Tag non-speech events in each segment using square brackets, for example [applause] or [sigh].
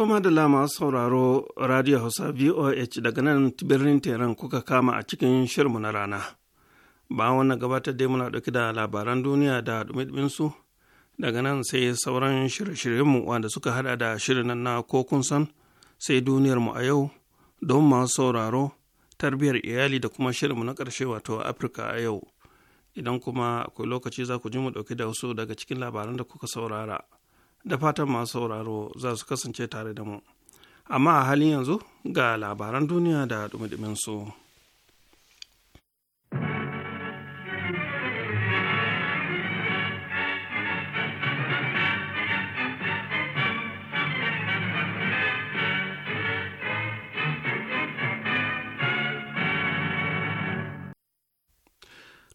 To da masu sauraro Radio Hausa VOH daga nan birnin Teran kuka kama a cikin shirmu na rana. Ba wannan gabatar dai muna ɗauki da labaran duniya da su daga nan sai sauran shirye-shiryenmu wanda suka hada da shirin na ko kun san sai duniyarmu a yau don masu sauraro tarbiyyar iyali da kuma shirinmu na ƙarshe wato Afirka a yau. Idan kuma akwai lokaci za ku ji mu ɗauki da wasu daga cikin labaran da kuka saurara. da fatan masu sauraro za su kasance tare da mu amma a halin yanzu ga labaran duniya da dumi su.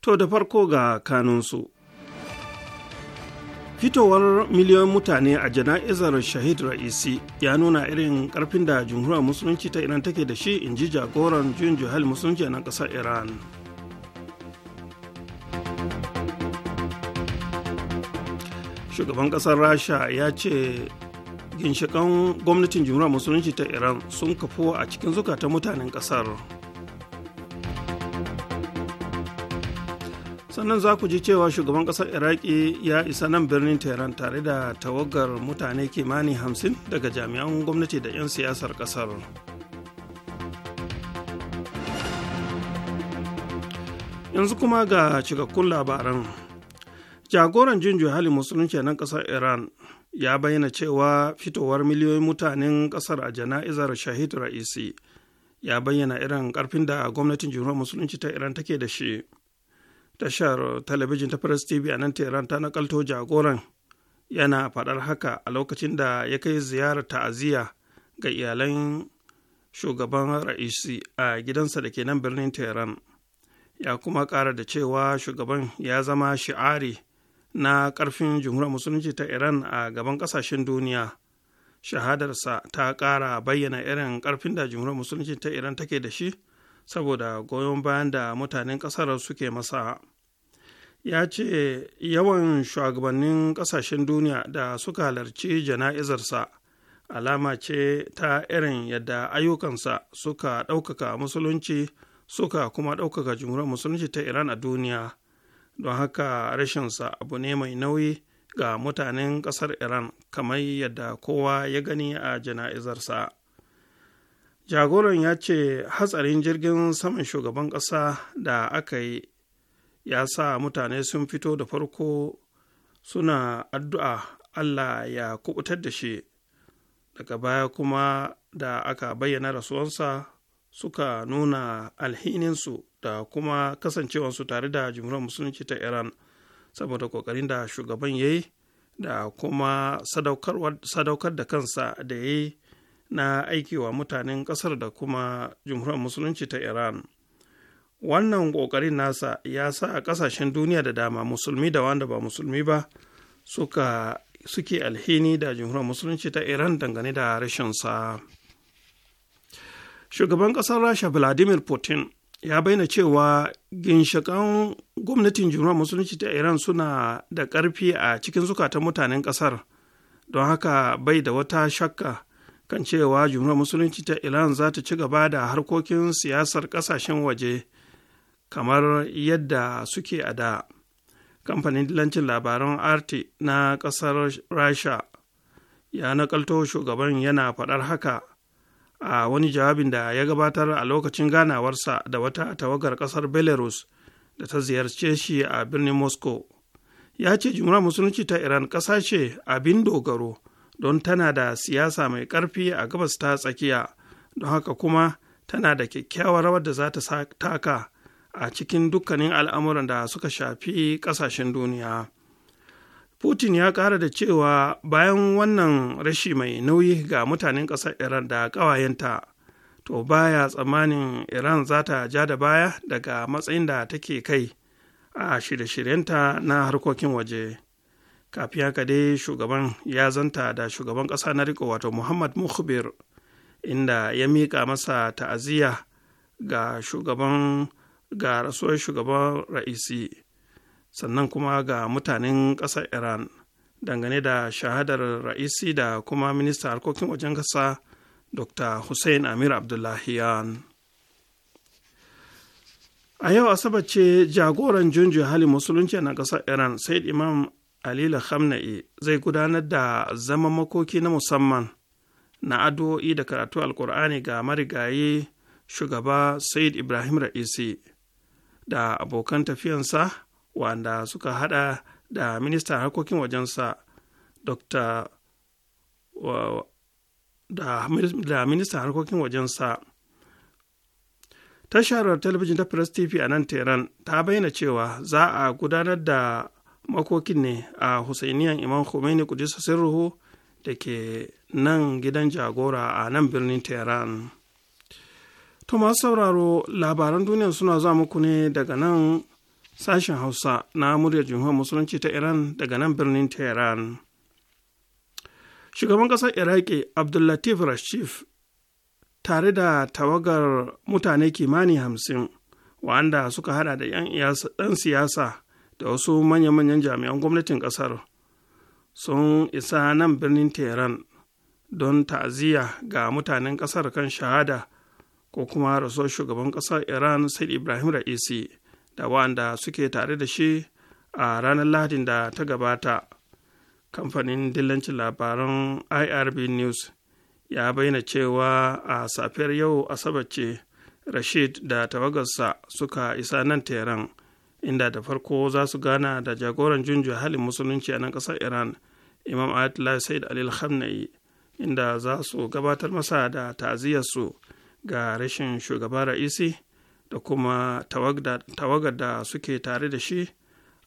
To da farko ga kanunsu. fitowar miliyoyin mutane a jana'izar shahid ra'isi ya nuna irin karfin da jumhuriyar musulunci ta iran take da shi in ji jagoran juyin juhal musulunci a nan kasar iran shugaban kasar rasha ya ce ginshikan gwamnatin jumhuriyar musulunci ta iran sun kafo a cikin zukatan mutanen kasar sannan za ku ji cewa shugaban kasar iraki ya isa nan birnin tehran tare da tawagar mutane kimani hamsin daga jami'an gwamnati da 'yan siyasar kasar. yanzu kuma ga cikakkun labaran jagoran jinjin hali musulunci nan kasar iran ya bayyana cewa fitowar miliyoyin mutanen kasar a jana'izar shahid ra'isi ya bayyana irin karfin da gwamnatin jihar musulunci ta iran take da shi tashar talabijin ta press tv a nan tehran ta nakalto jagoran yana faɗar haka a lokacin da ya kai ziyarar ta'aziyya ga iyalan shugaban ra'isi a gidansa da ke nan birnin tehran ya kuma ƙara da cewa shugaban ya zama shi'ari na ƙarfin jumhuriyar musulunci ta iran a gaban ƙasashen duniya shahadarsa ta ƙara bayyana irin ƙarfin da jumhuriyar musulunci ta iran take da shi saboda goyon bayan da mutanen ƙasar suke masa ya ce yawan shugabannin ƙasashen duniya da suka halarci jana'izarsa alama ce ta irin yadda ayyukansa suka ɗaukaka musulunci suka kuma ɗaukaka jumhuriyar musulunci ta iran a duniya don haka rashinsa abu ne mai nauyi ga mutanen ƙasar iran kamar yadda kowa ya gani a jana'izarsa jagoran ya ce hatsarin jirgin saman shugaban ƙasa da aka yi ya sa mutane sun fito da farko suna addu'a allah ya kubutar da shi daga baya kuma da aka bayyana rasuwansa suka nuna alhininsu da kuma kasancewansu tare da jimuran musulunci ta iran saboda kokarin da shugaban ya yi da kuma sadaukar da kansa da ya yi na aikewa mutanen ƙasar da kuma jumhuriyar musulunci ta iran wannan ƙoƙarin nasa ya sa a ƙasashen duniya da dama musulmi da wanda ba musulmi ba suka suke alhini da jumhuriyar musulunci ta iran dangane da rashinsa shugaban ƙasar rasha vladimir putin ya bayyana cewa ginshiƙan gwamnatin jumhuriyar musulunci ta iran suna da ƙarfi a cikin zukatan mutanen ƙasar don haka bai da wata shakka kan cewa jumhuriyar musulunci ta iran za ta ci gaba da harkokin siyasar kasashen waje kamar yadda suke a da kamfanin dilancin labaran arti na kasar rasha ya nakalto shugaban yana faɗar haka a wani jawabin da ya gabatar a lokacin ganawarsa da wata tawagar kasar belarus da ta ziyarce shi a birnin moscow ya ce jumhuriyar musulunci ta iran ƙasa ce abin dogaro don tana da siyasa mai ƙarfi a gabas ta tsakiya don haka kuma tana da kyakkyawar rawar da za ta taka a cikin dukkanin al'amuran da suka shafi ƙasashen duniya putin ya ƙara da cewa bayan wannan rashi mai nauyi ga mutanen ƙasar iran da ƙawayenta to baya tsammanin iran za ta ja da baya daga matsayin da take kai a shirye-shiryenta na harkokin waje. kafiya ka dai shugaban ya zanta da shugaban ƙasa na riko wato muhammad mukhbir inda ya mika masa ta'aziyya ga shugaban ga rasuwar shugaban ra'isi sannan kuma ga mutanen ƙasar iran dangane da shahadar ra'isi da kuma minista harkokin wajen ƙasa dr hussein amir abdullahiyan a yau asabar ce jagoran junjun hali musulunci na ƙasar iran said imam alila khamna'i zai gudanar da zaman makoki na musamman na addu'o'i da karatu alkur'ani ga marigayi shugaba said ibrahim ra'isi da abokan tafiyansa wanda suka hada da ministan harkokin wajensa dr da, da ministan harkokin wajensa tashar talabijin ta press tv a nan teran ta bayyana cewa za a gudanar da makokin ne a husainiyan imam khomeini kudisa sirruhu da ke nan gidan jagora a nan birnin tehran to masu sauraro labaran duniya suna za muku ne daga nan sashen hausa na muryar jamhuriyar musulunci ta iran daga nan birnin tehran shugaban ƙasar iraki abdullatif rashif tare da tawagar mutane kimani hamsin wa'anda suka hada da 'yan siyasa da wasu manya-manyan jami'an gwamnatin ƙasar sun isa nan birnin tehran don ta'aziyya ga mutanen ƙasar kan shahada ko kuma rasuwar shugaban ƙasar iran said ibrahim ra'isi da wanda suke tare da shi a ranar lahadin da ta gabata kamfanin dillancin labaran irb news ya bayyana cewa a safiyar yau asabar ce rashid da tawagarsa suka isa nan tehran inda da farko za su gana da jagoran junju halin musulunci a nan ƙasar iran imam ayatollah said alil khamnai inda za su gabatar masa da ta'aziyarsu ga rashin shugaba ra'isi da kuma tawagar da suke tare da shi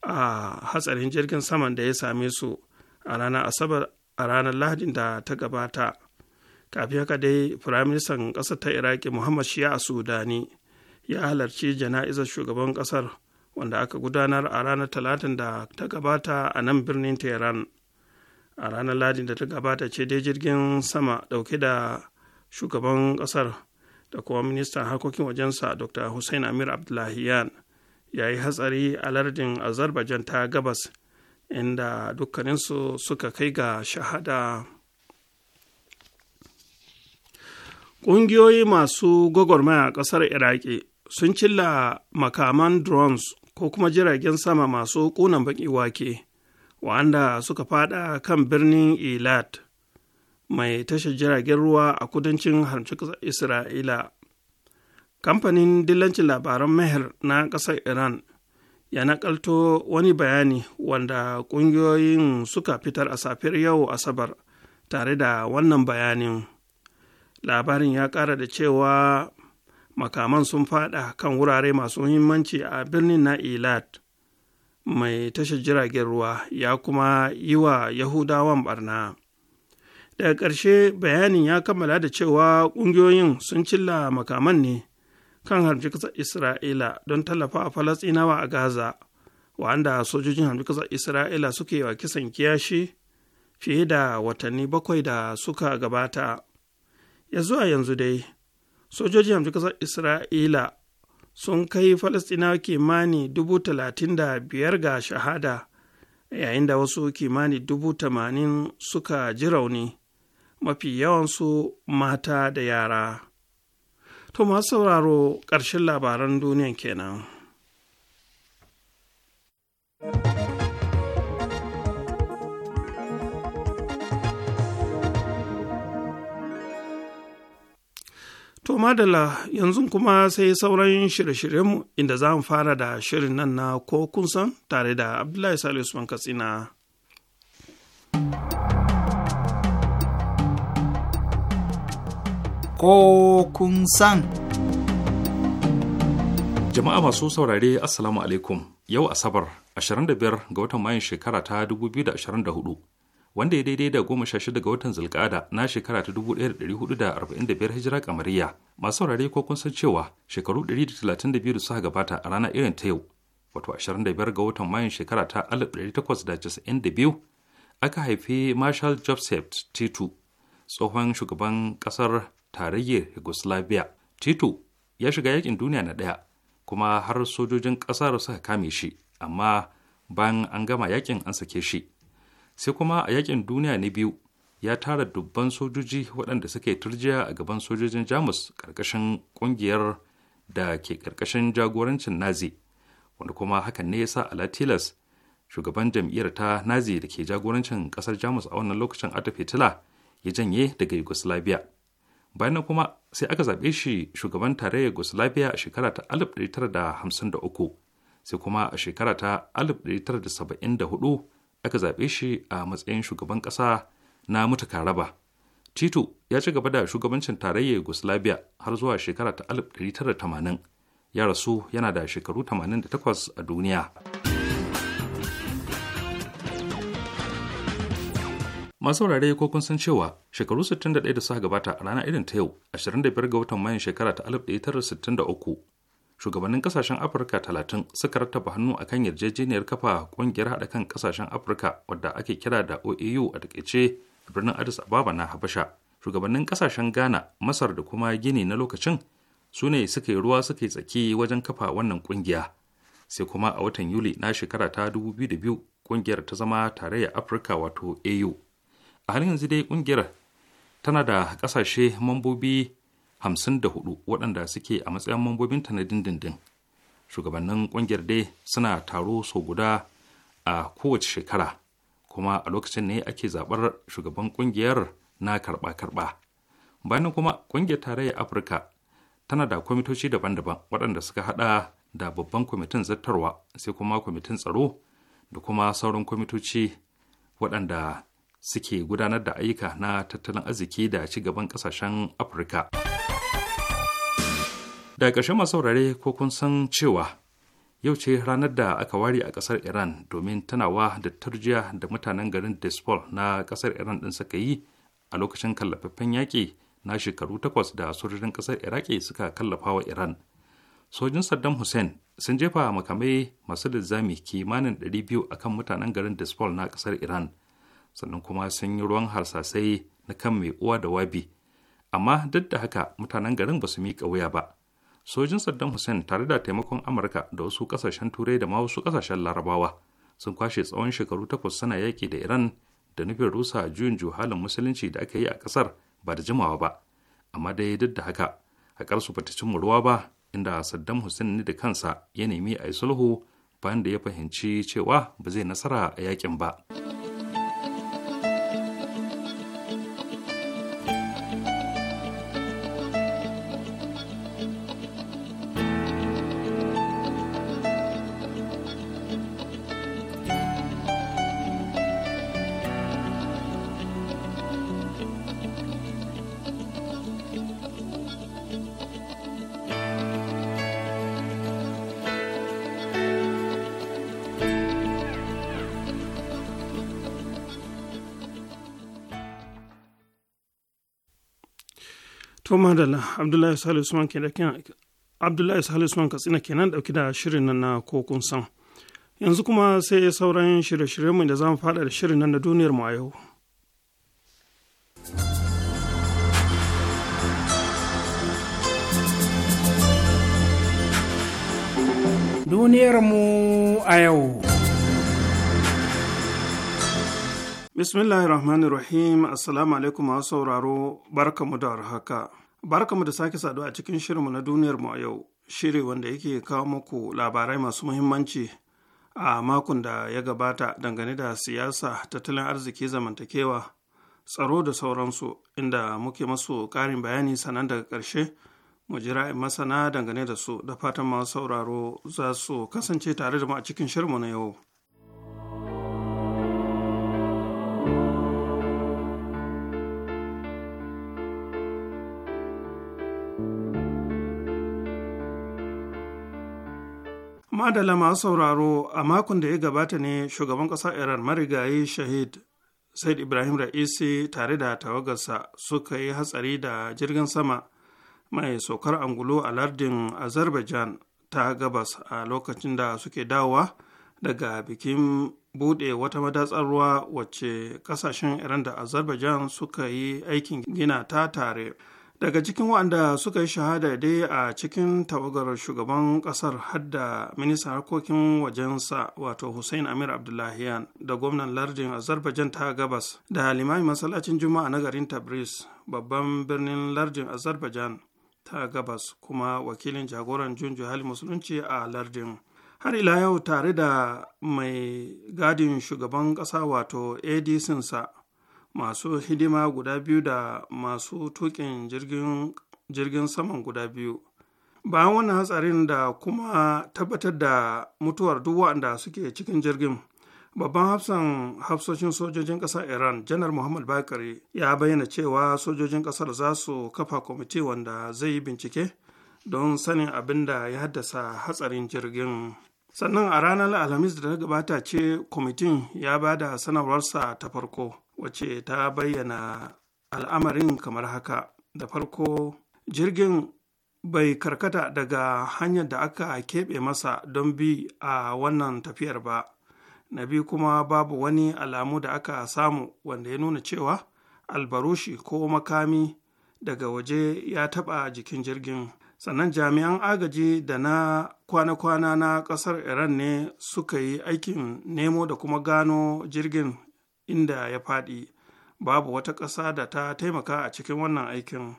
a hatsarin jirgin saman da ya same su a ranar asabar a ranar lahadin da ta gabata kafin haka dai firaministan ƙasar ta iraki muhammad shia sudani ya halarci jana'izar shugaban ƙasar wanda aka gudanar a ranar talatin da ta gabata a nan birnin tehran a ranar ladin da ta gabata ce dai jirgin sama dauke da shugaban kasar da kuma ministan harkokin wajensa dr hussein amir abdullahiyan ya yi hatsari a lardin azerbaijan ta gabas inda dukkaninsu suka kai ga shahada ƙungiyoyi masu gwagwarmaya a ƙasar iraki sun cilla makaman drones ko kuma jiragen sama masu ƙunan baƙi wake wa'anda suka fada kan birnin Eilat mai tashar jiragen ruwa a kudancin harcikar Isra'ila. Kamfanin dillancin labaran Meher na ƙasar Iran ya naƙalto wani bayani wanda ƙungiyoyin suka fitar a safiyar yau Asabar tare da wannan bayanin. Labarin ya ƙara da cewa makaman sun fada kan wurare masu muhimmanci a birnin na ilat mai tashar jiragen ruwa ya kuma yi wa yahudawan barna daga ƙarshe bayanin ya kammala da cewa ƙungiyoyin sun cilla makaman ne kan harbi ƙasar isra'ila don tallafa a falasɗinawa a gaza wanda sojojin harbi ƙasar isra'ila suke wa kisan kiyashi fiye da watanni bakwai da suka gabata ya zuwa yanzu dai sojoji hamsin ƙasar isra'ila sun kai falastinawa kimani dubu talatin da biyar ga shahada yayin da wasu kimani dubu tamanin suka ji rauni mafi yawansu mata da yara to masu sauraro ƙarshen labaran duniyan kenan. To madalla yanzu kuma sai sauran shirye-shiryenmu inda za mu fara da shirin nan na ko kun san tare da Abdullahi Salisu Usman Katsina. Ko kun san. Jama'a masu saurare Assalamu alaikum yau Asabar 25 ga watan Mayun shekara ta 2024. wanda ya daidai da goma sha shida watan zulkada na shekara ta dubu ɗaya da ɗari hudu da arba'in da biyar hijira kamariya masu saurare ko kun san cewa shekaru ɗari da talatin da biyu da suka gabata a rana irin ta yau wato ashirin da biyar ga watan mayun shekara ta alif ɗari takwas da casa'in da biyu aka haifi marshal joseph titu tsohon shugaban ƙasar tarayyar yugoslavia titu ya shiga yakin duniya na ɗaya kuma har sojojin ƙasar suka kame shi amma bayan an gama yakin an sake shi sai kuma a yakin duniya na biyu ya tara dubban sojoji waɗanda suka yi turjiya a gaban sojojin jamus ƙarƙashin ƙungiyar da ke ƙarƙashin jagorancin nazi wanda kuma hakan ne ya sa alatilas shugaban jam'iyyar ta nazi da ke jagorancin ƙasar jamus a wannan lokacin ata fitila ya janye daga yugoslavia bayan nan kuma sai aka zaɓe shi shugaban tarayyar yugoslavia a shekara ta 1953 sai kuma a shekara ta 1974 aka zaɓe shi a matsayin shugaban ƙasa na mutuka raba. Tito ya ci gaba da shugabancin tarayyar Yugoslavia har zuwa shekara ta 1980. Ya rasu yana da shekaru 88 a duniya. Masu wurare ko kun san cewa shekaru 61 da suka gabata a ranar irin ta yau 25 ga watan Mayun shekara ta 1963 shugabannin kasashen afirka talatin suka rattaba hannu akan yarjejeniyar kafa kungiyar haɗa kan kasashen afirka wadda ake kira da oau a takaice a birnin addis ababa na habasha shugabannin kasashen ghana masar da kuma gini na lokacin su ne suka yi ruwa suka yi tsaki wajen kafa wannan kungiya sai kuma a watan yuli na shekara ta 2002 kungiyar ta zama tarayya afirka wato au a halin yanzu dai kungiyar tana da kasashe mambobi hamsin da hudu waɗanda suke a matsayin mambobin ta na dindindin shugabannin ƙungiyar dai suna taro sau guda a kowace shekara kuma a lokacin ne ake zaɓar shugaban ƙungiyar na karɓa-karɓa bayan kuma ƙungiyar tarayyar afirka tana da kwamitoci daban-daban waɗanda suka haɗa da babban kwamitin zartarwa sai kuma kwamitin tsaro da kuma sauran kwamitoci waɗanda suke gudanar da ayyuka na tattalin arziki da ci gaban ƙasashen afirka. da ƙarshe masu saurare ko kun san cewa yau ce ranar da aka ware a ƙasar iran domin tunawa da turjiya da mutanen garin despol na ƙasar iran ɗin suka yi a lokacin kallafaffen yaƙi na shekaru takwas da sojojin ƙasar iraki suka kallafa wa iran sojin saddam hussein sun jefa makamai masu linzami kimanin 200 akan mutanen garin despol na ƙasar iran sannan kuma sun yi ruwan harsasai na kan mai uwa da wabi amma duk da haka mutanen garin ba su miƙa wuya ba sojin saddam hussein tare da taimakon amurka da wasu kasashen turai da ma wasu kasashen larabawa sun kwashe tsawon shekaru takwas suna yaƙi da iran da nufin rusa juyin juhalin musulunci da aka yi a ƙasar ba da jimawa ba amma dai duk da haka haƙar su bata cimma ruwa ba inda saddam hussein ne da kansa ya nemi a yi sulhu bayan da ya fahimci cewa ba zai nasara a yaƙin ba. madalla abdullahi salisu usman abdullahi salisu usman katsina kenan dauki da shirin nan na kun san yanzu kuma sai sauran shirye-shiryenmu da zamu fada da shirin nan na duniyar mu a yau duniyar mu a yau bismillahir rahmanir rahim assalamu alaikum masu sauraro barkamu da haka Barkamu da sake saduwa a cikin shirinmu na duniyarmu a yau, shiri wanda yake kawo muku labarai masu muhimmanci a makon da ya gabata dangane da siyasa, tattalin arziki, zamantakewa, tsaro da sauransu, inda muke masu ƙarin bayani sanan daga ƙarshe mu jira masana dangane da su da fatan masu sauraro za su kasance tare da mu a cikin shirinmu na yau. Madala masu sauraro a makon da ya gabata ne shugaban ƙasar Iran marigayi shahid Said Ibrahim Ra'isi tare da tawagarsa suka yi hatsari da jirgin sama mai saukar angulo a lardin Azerbaijan ta gabas a lokacin da suke dawowa daga bikin buɗe wata madatsar ruwa wacce ƙasashen Iran da Azerbaijan suka yi aikin gina ta tare. daga cikin waɗanda suka yi shahada dai a cikin tawagar shugaban ƙasar hadda ministan harkokin wajensa wato hussein amir abdullahiyan da gwamnan lardin azerbaijan ta gabas da limamin masallacin juma'a na garin tabriz babban birnin lardin azerbaijan ta gabas kuma wakilin jagoran junju hali musulunci a lardin har ila yau tare da mai gadin shugaban ƙasa wato adc sa masu hidima guda biyu da masu tukin jirgin saman guda biyu bayan wannan hatsarin da kuma tabbatar da mutuwar duk waɗanda suke cikin jirgin babban hafsan hafsoshin sojojin ƙasar iran janar muhammad bakari ya bayyana cewa sojojin ƙasar za su kafa kwamiti wanda zai yi bincike don sanin abin da ya haddasa hatsarin jirgin sannan a ranar alhamis da ta gabata ce kwamitin ya ba da sanarwarsa ta farko wacce ta bayyana al'amarin kamar haka da farko jirgin bai karkata daga hanyar da aka keɓe masa don bi a wannan tafiyar ba na biyu kuma babu wani alamu da aka samu wanda ya nuna cewa albarushi ko makami daga waje ya taɓa jikin jirgin sannan jami'an agaji da na kwana-kwana na ƙasar iran ne suka yi aikin nemo da kuma gano jirgin inda ya faɗi babu wata ƙasa da ta taimaka a cikin wannan aikin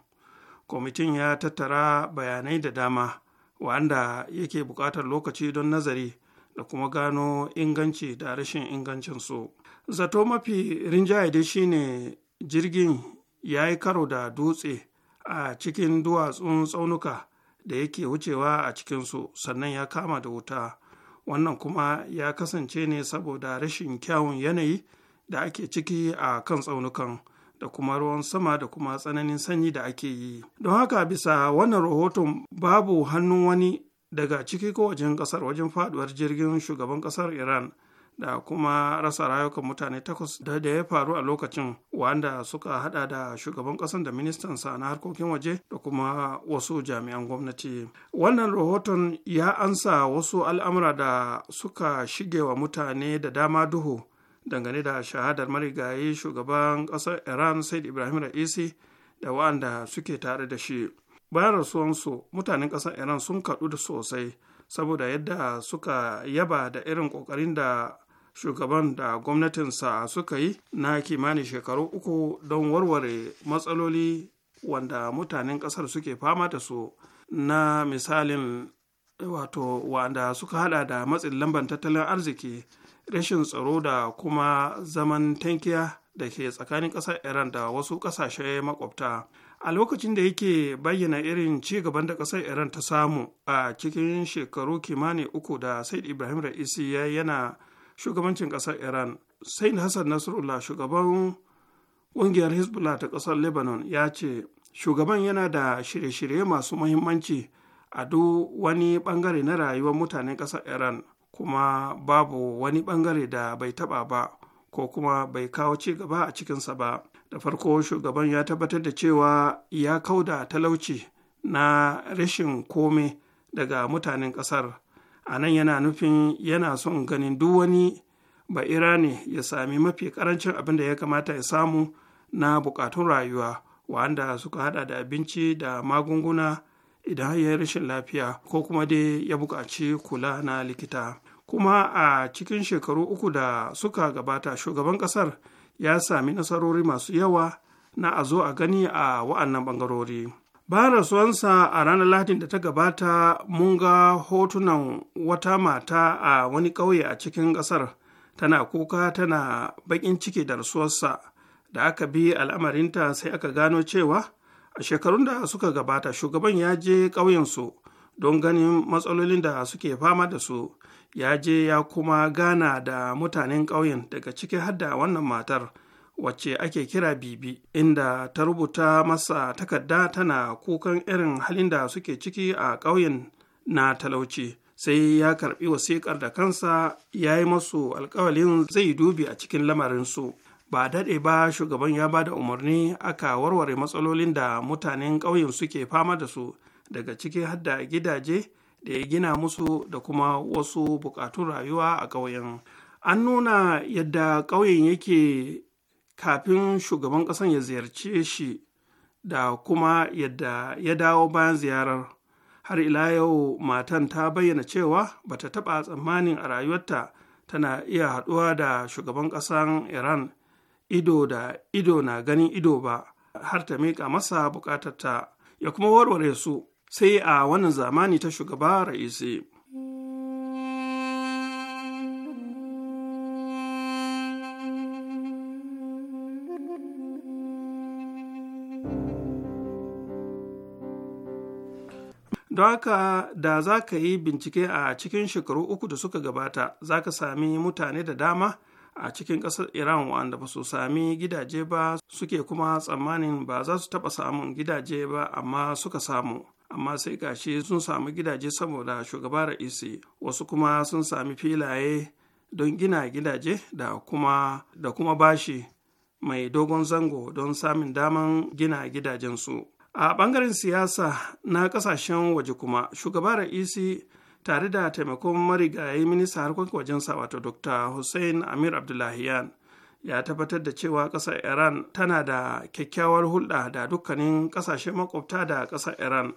kwamitin ya tattara bayanai da dama wanda yake buƙatar lokaci don nazari da kuma gano inganci da rashin ingancinsu zato mafi rinjaye dai shine jirgin ya yi karo da dutse a cikin duwatsun tsaunuka da yake wucewa a cikinsu sannan ya kama da wuta wannan kuma ya kasance ne saboda rashin kyawun yanayi da ake ciki a kan tsaunukan da kuma ruwan sama da kuma tsananin sanyi da ake yi don haka bisa wannan rahoton babu hannun wani daga ciki ko wajen kasar wajen faduwar jirgin shugaban kasar iran da kuma rasa rayukan mutane takwas da da ya faru a lokacin wanda suka hada da shugaban kasan da ministan sa na harkokin waje da kuma wasu jami'an gwamnati wannan rahoton ya ansa wasu al'amura da suka shige wa mutane da dama duhu dangane da shahadar marigayi shugaban ƙasar iran said ibrahim ra'isi da wa'anda suke tare da shi bayan rasuwansu mutanen ƙasar iran sun kaɗu da sosai saboda yadda suka yaba da irin ƙoƙarin da shugaban da gwamnatinsa suka yi na kimanin shekaru uku don warware matsaloli wanda mutanen ƙasar suke fama da su na misalin wato wanda suka hada da matsin lambar tattalin arziki rashin tsaro da kuma zaman tankiya da ke tsakanin ƙasar iran da wasu ƙasashe makwabta a lokacin da yake bayyana irin ci gaban da ƙasar iran ta samu a cikin shekaru kimanin uku da said ibrahim ra'isi ya yana shugabancin ƙasar iran said hassan nasrullah shugaban ƙungiyar hezbollah ta ƙasar lebanon ya ce shugaban yana da shirye-shirye masu muhimmanci a duk wani bangare na rayuwar mutanen ƙasar iran kuma babu wani bangare da bai taba ba ko kuma bai kawo ci gaba a cikinsa ba da farko shugaban ya tabbatar da cewa ya kauda talauci na rashin kome daga mutanen ƙasar a nan yana nufin yana son ganin duk wani ba'ira ne ya sami mafi karancin abin da ya kamata ya samu na bukatun rayuwa wanda suka hada da abinci da magunguna idan ya ya rashin lafiya ko kuma dai ya buƙaci kula na likita kuma a cikin shekaru uku da suka gabata shugaban ƙasar ya sami nasarori masu yawa na a zo a gani a wa'annan ɓangarori bayan rasuwansa a ranar lahadin da ta gabata mun ga hotunan wata mata a wani ƙauye a cikin ƙasar tana kuka tana baƙin ciki da rasuwarsa da aka bi al'amarinta sai aka gano cewa a shekarun da suka gabata shugaban ya je ƙauyensu don ganin matsalolin da suke fama da su ya je ya kuma gana da mutanen ƙauyen daga ciki har da wannan matar wacce ake kira bibi inda ta rubuta masa takarda tana kukan irin halin da suke ciki a ƙauyen na talauci sai ya karbi wasiƙar da kansa ya yi masu alkawalin zai dubi a cikin lamarinsu ba daɗe ba shugaban ya ba da umarni aka warware matsalolin da mutanen ƙauyen suke fama da su daga ciki hadda gidaje da ya gina musu da kuma wasu buƙatun rayuwa a ƙauyen an nuna yadda ƙauyen yake kafin shugaban ƙasan ya ziyarce shi da kuma yadda ya dawo bayan ziyarar har ila yau matan ta bayyana cewa bata taɓa tsammanin a rayuwarta tana iya haɗuwa da shugaban ƙasan iran ido da ido na ganin ido ba har ta miƙa masa ta ya kuma warware su sai a wannan zamani ta shugaba ra'isi. don haka da za ka yi bincike a cikin shekaru uku da suka gabata za ka sami mutane da dama a cikin ƙasar iran wanda ba su sami gidaje ba suke kuma tsammanin ba za su taɓa samun gidaje ba amma suka samu amma sai gashi sun sami gidaje saboda shugaba ra'isi wasu kuma sun sami filaye don gina gidaje da kuma da kuma bashi mai dogon zango don samun daman gina gidajensu a ɓangaren siyasa na ƙasashen waje kuma shugaba ra'isi tare da taimakon marigayi minista harkokin wajensa wato dr hussein amir abdullahiyan ya tabbatar da cewa ƙasar iran tana da kyakkyawar hulɗa da dukkanin ƙasashe makwabta da ƙasar iran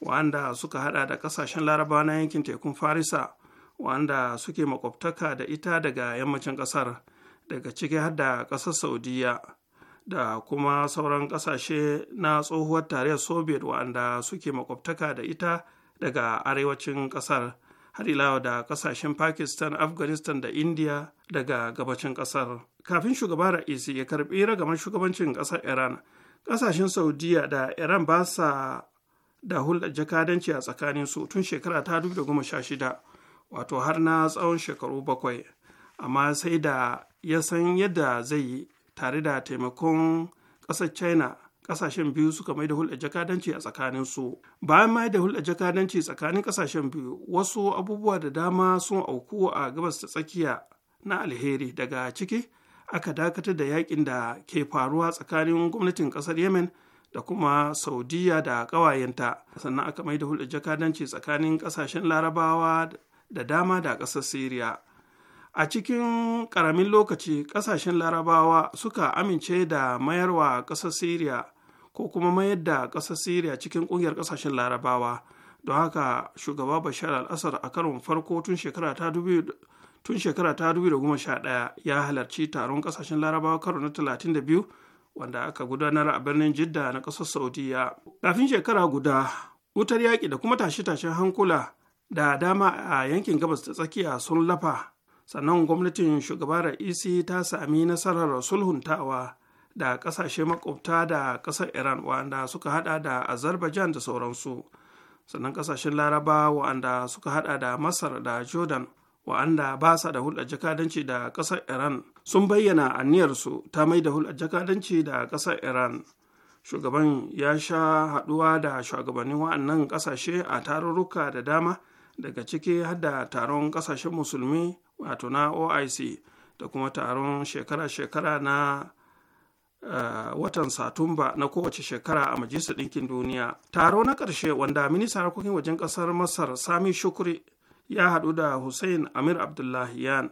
wanda suka hada da ƙasashen laraba na yankin tekun farisa wanda suke makwabtaka da ita daga yammacin ƙasar daga ciki har da ƙasar saudiya da kuma sauran ƙasashe na tsohuwar tarayyar soviet wanda suke makwabtaka da ita daga arewacin kasar har ila da kasashen pakistan afghanistan da india daga gabacin kasar. kafin shugaba ra'isi ya karbi ragamar shugabancin kasar iran kasashen saudiya da iran ba sa da hulɗa jakadanci a tsakanin su tun shekara ta shida wato har na tsawon shekaru bakwai amma sai da ya san yadda zai yi tare da taimakon ƙasar china kasashen biyu suka mai da hulɗa jakadanci a tsakanin su bayan mai da hulɗa jakadanci tsakanin kasashen biyu wasu abubuwa da dama sun auku a gabas ta tsakiya na alheri daga ciki aka dakatar da yakin da ke faruwa tsakanin gwamnatin kasar yemen da kuma saudiya da ƙawayenta sannan aka mai da hulɗa jakadanci tsakanin ƙasashen larabawa da dama da ƙasar syria a cikin ƙaramin lokaci ƙasashen larabawa suka amince da mayarwa ƙasar syria ko kuma mayar da ƙasar Siriya cikin ƙungiyar ƙasashen Larabawa. Don haka shugaba Bashar al-Assad a karon farko tun shekara ta tun shekara ta 2011 ya halarci taron ƙasashen Larabawa karo na biyu wanda aka gudanar a birnin Jidda na ƙasar Saudiya. Kafin shekara guda, wutar yaƙi da kuma tashe-tashen hankula da dama a yankin gabas ta tsakiya sun lafa sannan gwamnatin shugaba ra'isi ta sami nasarar sulhuntawa da kasashe makwabta da kasar iran wa'anda suka hada da azerbaijan da sauransu sannan kasashen laraba wa'anda suka hada da masar da jordan wa'anda ba sa da hulɗar jakadanci da ƙasar iran sun bayyana aniyarsu ta mai da hulɗar jakadanci da ƙasar iran shugaban ya sha haduwa da shugabannin wa'annan ƙasashe a tarurruka da dama daga ciki har da taron ƙasashen musulmi wato na oic da kuma taron shekara-shekara na Eh, watan satumba na kowace shekara a majalisar ɗinkin duniya taro na ƙarshe wanda ministan harkokin wajen ƙasar masar sami shukri ya haɗu da hussein amir abdullahiyan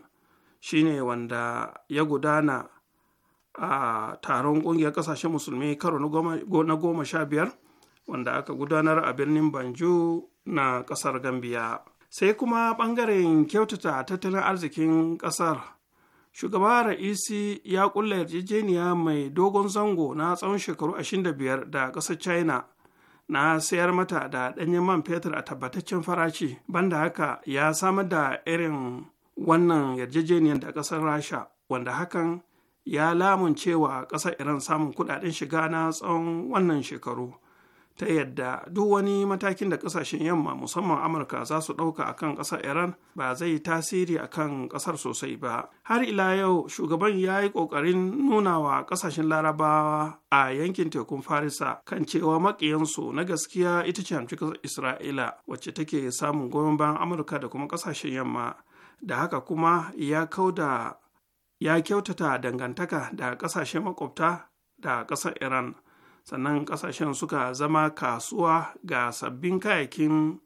shine wanda ya gudana a taron ƙungiyar ƙasashen musulmi karo na goma sha biyar wanda aka gudanar a birnin banjo na ƙasar gambiya. sai kuma ɓangaren kyautata tattalin arzikin ƙasar shugaba ra'isi ya kulla yarjejeniya mai dogon zango na tsawon shekaru 25 da ƙasar china na sayar mata da ɗanyen man fetur a tabbataccen farashi banda haka ya samar da irin wannan yarjejeniyar da ƙasar rasha wanda hakan ya cewa ƙasar iran samun kudaden shiga na tsawon wannan shekaru ta yadda duk wani matakin da kasashen yamma musamman amurka za su ɗauka a kan ƙasar iran ba zai tasiri a kan ƙasar sosai ba har ila yau shugaban ya yi ƙoƙarin nuna wa ƙasashen larabawa a yankin tekun farisa kan cewa maƙiyansu na gaskiya ita ce hamci ƙasar isra'ila wacce take samun goyon bayan amurka da kuma ƙasashen yamma da haka kuma ya kauda ya kyautata dangantaka da ƙasashen makwabta da ƙasar iran sannan ƙasashen suka zama kasuwa ga sabbin kayakin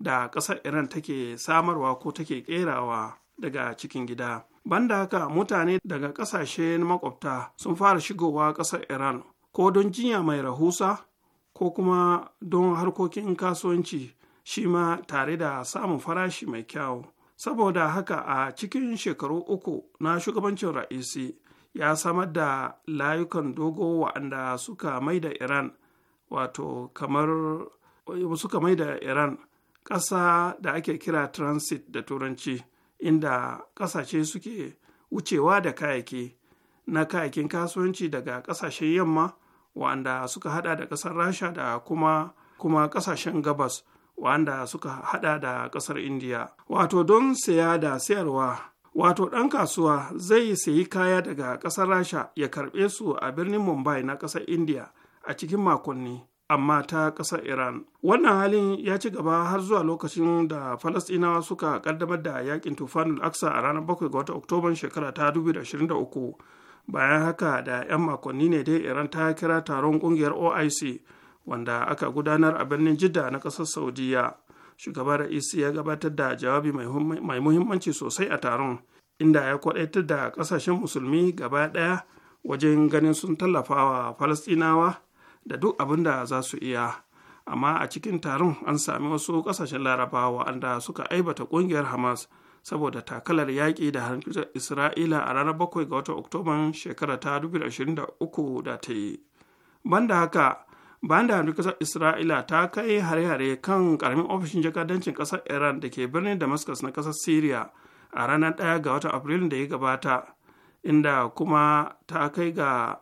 da ƙasar iran take samarwa ko take ƙerawa daga cikin gida banda haka mutane daga ƙasashe makwabta sun fara shigowa ƙasar iran ko don jinya mai rahusa ko kuma don harkokin kasuwanci shi ma tare da samun farashi mai kyau saboda haka a cikin shekaru uku na shugabancin ra'isi ya samar da layukan dogo wa'anda suka mai da iran wato kamar suka mai da iran ƙasa da ake kira transit da turanci inda ƙasashe suke wucewa da kayake na kayakin kasuwanci daga ƙasashen yamma wa'anda suka hada da ƙasar rasha da kuma kuma ƙasashen gabas wa'anda suka hada da ƙasar indiya wato don saya da sayarwa wato ɗan kasuwa zai sayi kaya daga ƙasar rasha ya karɓe su a birnin mumbai na ƙasar india a cikin makonni amma ta ƙasar iran wannan halin ya ci gaba har zuwa lokacin da falastinawa suka ƙaddamar da yakin tufanul aksa a ranar 7 ga wata oktoban shekara ta 2023 bayan haka da 'yan makonni ne dai iran ta kira taron ƙungiyar oic wanda aka gudanar a birnin jidda na ƙasar saudiya shugaba ra'isi ya gabatar da jawabi mai muhimmanci sosai a taron inda ya kwadaitar da kasashen musulmi gaba daya wajen ganin sun tallafa wa falastinawa da duk abin da za su iya amma a cikin taron an sami wasu kasashen larabawa wanda suka aibata kungiyar hamas saboda takalar yaƙi da hargitsa isra'ila a ranar 7 ga watan oktoban shekara ta 2023 da ta yi banda haka bayan da kasar isra'ila ta kai hare-hare kan karamin ofishin jakadancin kasar iran da ke birnin damascus na kasar syria a ranar 1 ga watan afrilun da ya gabata inda kuma ta kai ga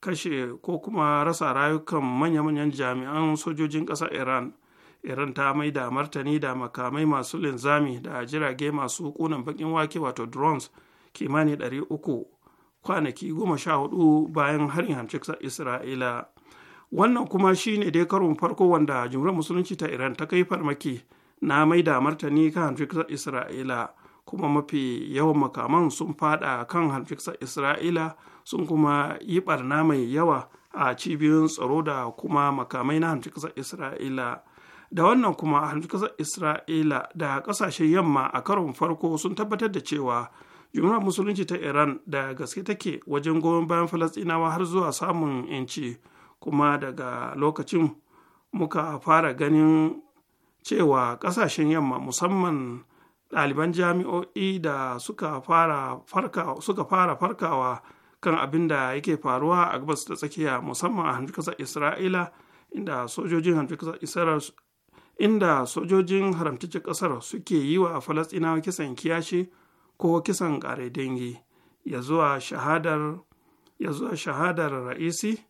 kashe ko kuma rasa rayukan manya-manyan jami'an sojojin kasar iran iran ta mai da martani da makamai masu linzami da jirage masu kunan bakin wake wato drones kimanin 300 kwanaki 14 bayan harin kasar isra'ila wannan kuma shine dai karon farko wanda jumhuriyar musulunci ta iran ta kai farmaki na mai da martani kan hanfikisar isra'ila kuma mafi yawan makaman sun fada kan hanfikisar isra'ila sun kuma yi barna mai yawa a cibiyoyin tsaro da kuma makamai na hanfikisar isra'ila da wannan kuma hanfikisar isra'ila da kasashen yamma a karon farko sun tabbatar da cewa jumhuriyar musulunci ta iran da gaske take wajen goyon bayan falasɗinawa har zuwa samun 'yanci. kuma daga lokacin muka fara ganin cewa ƙasashen yamma musamman ɗaliban jami'o'i da suka fara farkawa, kan abin da yake faruwa a gabas da tsakiya musamman a hamdukasar isra'ila inda sojojin hamdukasar isra'ila inda sojojin haramtaccen ƙasar suke yi wa falastinawa kisan kiyashi ko kisan ƙare dangi ya ya zuwa shahadar ra'isi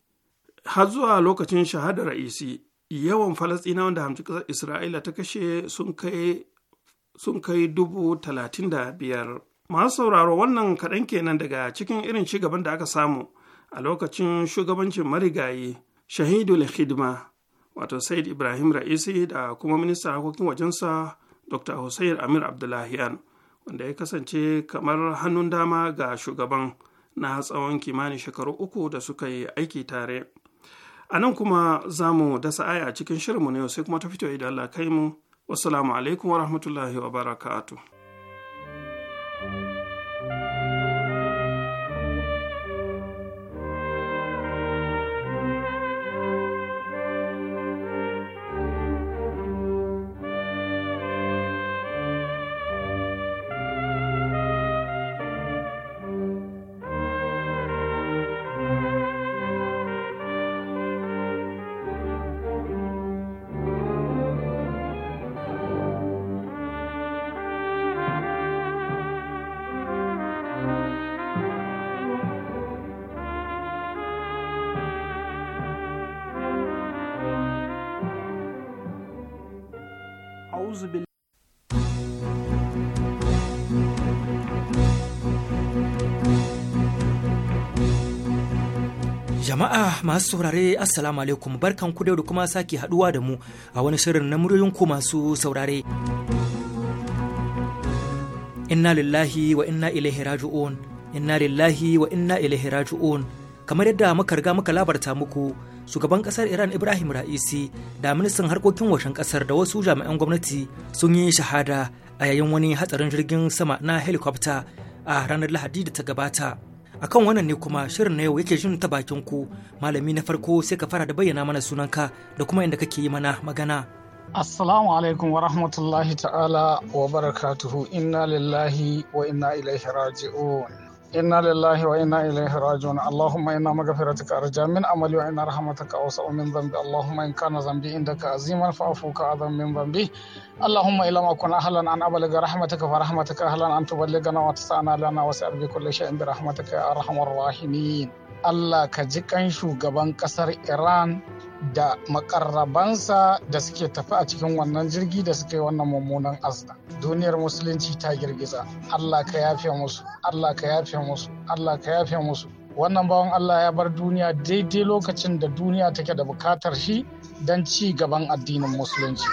har zuwa lokacin shahadar ra'isi yawan falasɗinawan da hamci ƙasar isra'ila ta kashe sun kai dubu talatin da biyar masu sauraro wannan kaɗan kenan daga cikin irin ci da aka samu a lokacin shugabancin marigayi shahidul hidima wato said ibrahim ra'isi da kuma Minista harkokin wajensa dr hussein amir abdullahian wanda ya kasance kamar hannun dama ga shugaban na tsawon kimanin shekaru uku da suka yi aiki tare a nan kuma za mu dasa aya a cikin shirinmu na yau sai kuma ta fito idan Allah kai mu wassalamu alaikum wa rahmatullahi wa barakatuh Jama'a masu saurare Assalamu alaikum barkan ku da kuma sake haduwa da mu a wani shirin na muryoyin ku masu saurare. Inna lillahi wa inna ilaihi raji'un. Inna lillahi wa inna ilaihi raji'un. Kamar yadda muka riga muka labarta muku shugaban kasar Iran Ibrahim Ra'isi da ministan harkokin washen kasar da wasu jami'an gwamnati sun yi shahada a yayin wani hatsarin jirgin sama na helikofta a ranar Lahadi da ta gabata. akan wannan ne kuma shirin na yau yake shirin ta bakin ku malami na farko sai ka fara da bayyana mana sunanka da kuma inda kake yi mana magana assalamu alaikum wa rahmatullahi ta'ala wa barakatuhu inna lillahi wa inna ilaihi raji'un inna lillahi wa inna ilaihi rajiun allahumma inna maghfiratuka arja min amali wa inna rahmataka awsa min dhanbi allahumma in kana dhanbi indaka aziman fa afu ka adham min dhanbi allahumma ila ma kunna ahlan an ablagha rahmataka fa rahmataka ahlan an tuballighana wa tasana lana wa sa'al bi kulli shay'in bi rahmataka ya arhamar rahimin Allah ka ji kan shugaban kasar Iran da makarrabansa da suke tafi a cikin wannan jirgi da suka yi wannan mummunan azna. Duniyar musulunci ta girgiza. Allah ka yafe musu, Allah ka yafe musu, Allah ka yafe musu. Wannan bawan Allah ya bar duniya daidai lokacin da duniya take da bukatar shi don ci gaban addinin musulunci.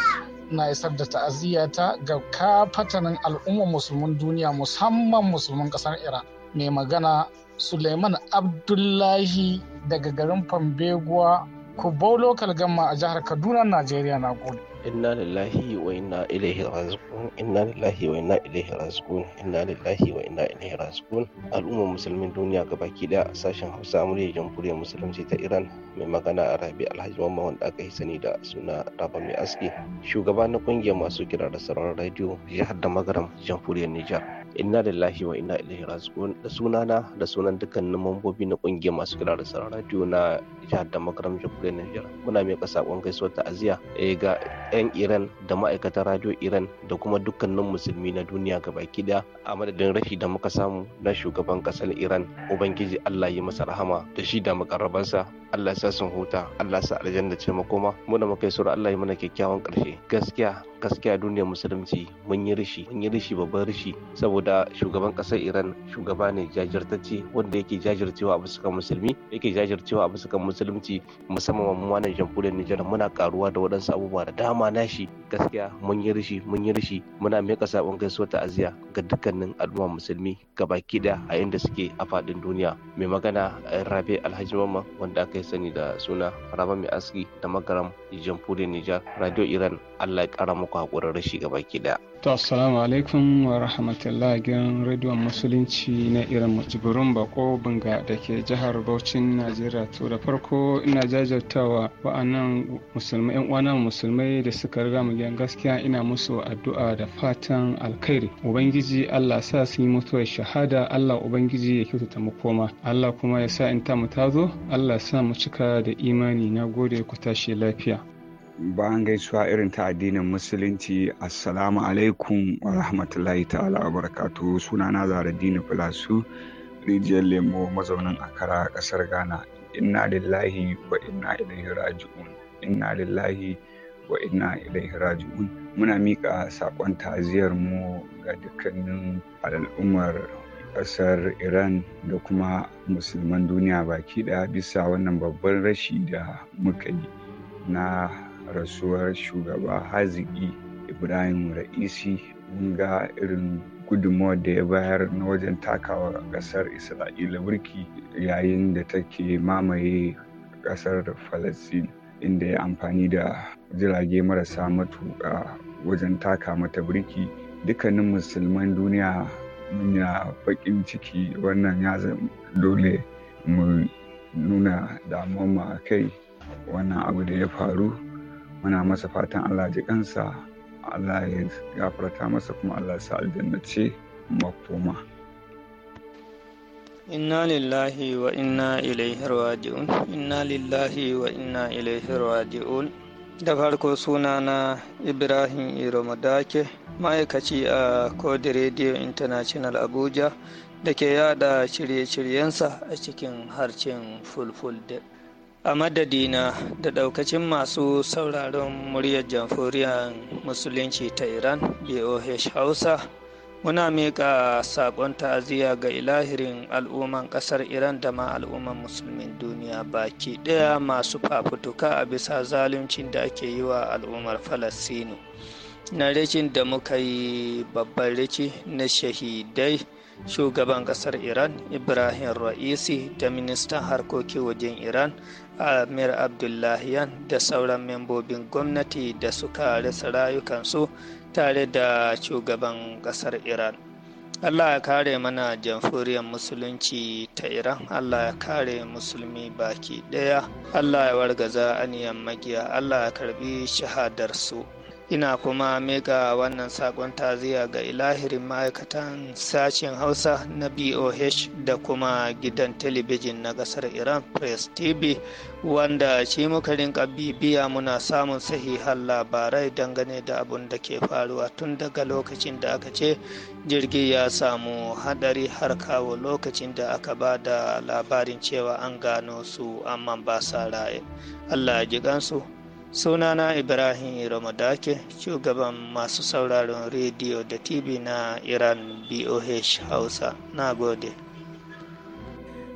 na isar da ta'aziyyata ga kafatanin al'ummar musulmin duniya musamman musulmin ƙasar iran mai magana Suleiman Abdullahi daga garin Fambeguwa, bau Lokal gama a jihar Kaduna, Najeriya na gode. Inna lillahi wa inna ilaihi raji'un inna lillahi wa inna ilaihi raji'un inna lillahi wa inna ilaihi raji'un al'ummar musulmin duniya gabaki daya a sashen Hausa murya jamhuriyar musulunci ta Iran mai magana a Rabi Alhaji Mamman wanda aka yi sani da suna Raba Mai Aski shugaba na kungiyar masu kira da sauran radio jihar da Magaram jamhuriyar Nijar. inna lillahi wa inna ilaihi raji'un da sunana da sunan dukkanin mambobi na kungiyar masu kira da sauran radio na jihar da makaram jamhuriyar muna mai sakon gaisuwar ta'aziyya eh, ga yan Iran da ma'aikatan radio Iran da kuma dukkanin musulmi na duniya baki daya a madadin rashi da muka samu na shugaban kasar Iran ubangiji Allah ya masa rahama da shi da makarabansa Allah ya sa sun huta Allah ya sa aljanna ce makoma muna kai yi Allah ya mana kyakkyawan karshe gaskiya gaskiya duniyar musulunci mun yi rishi mun yi rishi babban rishi saboda shugaban kasar iran shugaba ne jajirtacce wanda yake jajircewa a bisa musulmi yake jajircewa a bisa musulunci musamman mu wannan jamhuriyar nijar muna karuwa da waɗansu abubuwa da dama nashi gaskiya mun yi rishi mun yi rishi muna miƙa sabon gaisuwa ta aziya ga dukkanin al'umma musulmi gabaki da a inda suke a faɗin duniya mai magana eh, rabe alhaji mamma wanda aka yi sani da suna raba mai aski da magaram jamhuriyar nijar radio iran Allah ya ƙara muku haƙurin rashi gaba ki da. To assalamu alaikum wa rahmatullahi gidan rediyon musulunci na irin jibirin bako bunga da ke jihar Bauchin Najeriya to da farko ina jajantawa wa'annan musulmai yan uwana musulmai da suka riga mu gidan gaskiya ina musu addu'a da fatan alkhairi ubangiji Allah sa su yi mutuwar shahada Allah ubangiji ya kyautata mu koma Allah kuma ya sa in ta mu tazo Allah sa mu cika da imani na gode ku tashi lafiya bayan gaisuwa irin ta addinin musulunci assalamu alaikum wa rahmatullahi ta'ala wa barakatu zara dini filasu rijiyar lemo mazaunin akara kasar ghana inna lillahi wa inna ilaihi raji'un inna lillahi wa inna ilaihi raji'un muna mika saƙon taziyar mu ga dukkanin al'ummar kasar iran da kuma musulman duniya baki ɗaya bisa wannan babban rashi da muka yi na rasuwar shugaba haziƙi ibrahim ra'isi mun ga irin gudunmawar da ya bayar na wajen takawa ƙasar isra'ila burki yayin da take mamaye ƙasar falastin inda ya amfani da jirage marasa matuƙa wajen taka mata birki, dukkanin musulman duniya muna baƙin ciki wannan ya zama. dole mu nuna damuwa kai wannan abu da ya faru muna masa fatan Allah ji kansa Allah ya gafarta masa kuma Allah sa aljanna ce makoma inna lillahi wa inna ilaihi raji'un inna lillahi wa inna ilaihi raji'un da farko sunana ibrahim iromadake ma'aikaci a code radio international abuja da ke yada shirye-shiryensa a cikin harshen fulfulde a madadina da ɗaukacin masu sauraron muryar jamhuriyar musulunci ta iran boh hausa muna miƙa saƙon ta'aziyya ga ilahirin al'umman ƙasar iran da ma al'umman musulmin duniya baki ɗaya masu fafutuka a bisa zaluncin da ake yi wa al'ummar falasino na rikin da muka yi babban riki na shahidai shugaban ƙasar iran ibrahim ra'isi da ministan harkokin wajen iran amir abdullahiyan da sauran membobin gwamnati da suka rasa rayukansu tare da shugaban kasar iran allah ya kare mana jamhuriyar musulunci ta iran allah ya kare musulmi baki ɗaya allah ya wargaza aniyan magiya allah ya karbi shahadarsu ina kuma mega wannan sakon taziya ga ilahirin ma'aikatan sashen hausa na boh da kuma gidan telebijin na gasar iran press tv wanda shi muka rinka bibiya muna samun sahihan labarai dangane da abun da ke faruwa tun daga lokacin da aka ce jirgi ya samu hadari har kawo lokacin da aka ba da labarin cewa an gano su amma ba sa raye allah ya ji gansu sunana ibrahim ramadake shugaban masu sauraron rediyo da tv na iran boh hausa na gode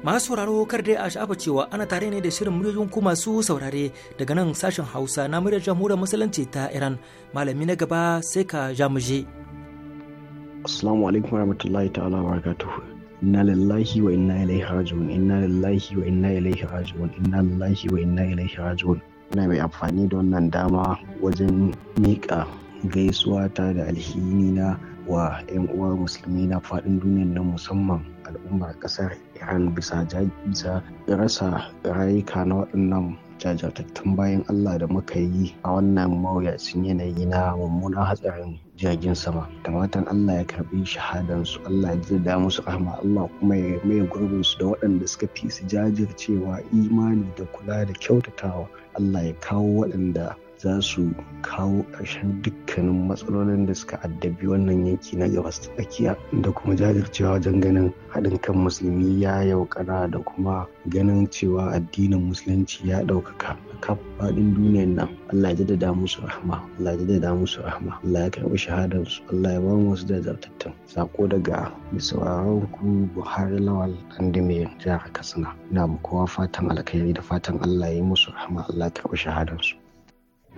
masu sauraro kar dai a sha'afa cewa ana tare ne da shirin muryoyin ku masu saurare daga nan sashen hausa na muryar jamhuriyar musulunci ta iran malami na gaba sai ka jamuje mu je assalamu alaikum warahmatullahi ta'ala barakatuhu inna lillahi wa inna ilaihi raji'un inna lillahi wa inna ilaihi raji'un inna lillahi wa inna ilaihi raji'un na mai amfani da wannan dama wajen miƙa gaisuwa ta da alhini na wa 'yan uwa musulmi na faɗin duniyar na musamman al'ummar ƙasar iran bisa jajisa rasa rayuka na waɗannan jajatattun bayan allah da muka yi a wannan mawuyacin yanayi na mummunan hatsarin jirgin sama da matan allah ya karbi shahadansu allah ya jirda musu rahama allah kuma ya mai gurbinsu da waɗanda suka fi su jajircewa imani da kula da kyautatawa Allah ya kawo waɗanda za su kawo ƙarshen dukkanin matsalolin da suka addabi wannan yanki na gabas ta tsakiya da kuma jajircewa wajen ganin haɗin kan musulmi ya yaukana da kuma ganin cewa addinin musulunci ya ɗaukaka kaf faɗin duniyar nan Allah ya jaddada musu rahama Allah ya jaddada musu rahama Allah ya karɓi shahadarsu Allah ya bar mu da zartattun sako daga misawaran ku Buhari Lawal mai jihar Katsina ina mu kowa fatan alkhairi da fatan Allah ya yi musu rahma, Allah ya karɓi shahadarsu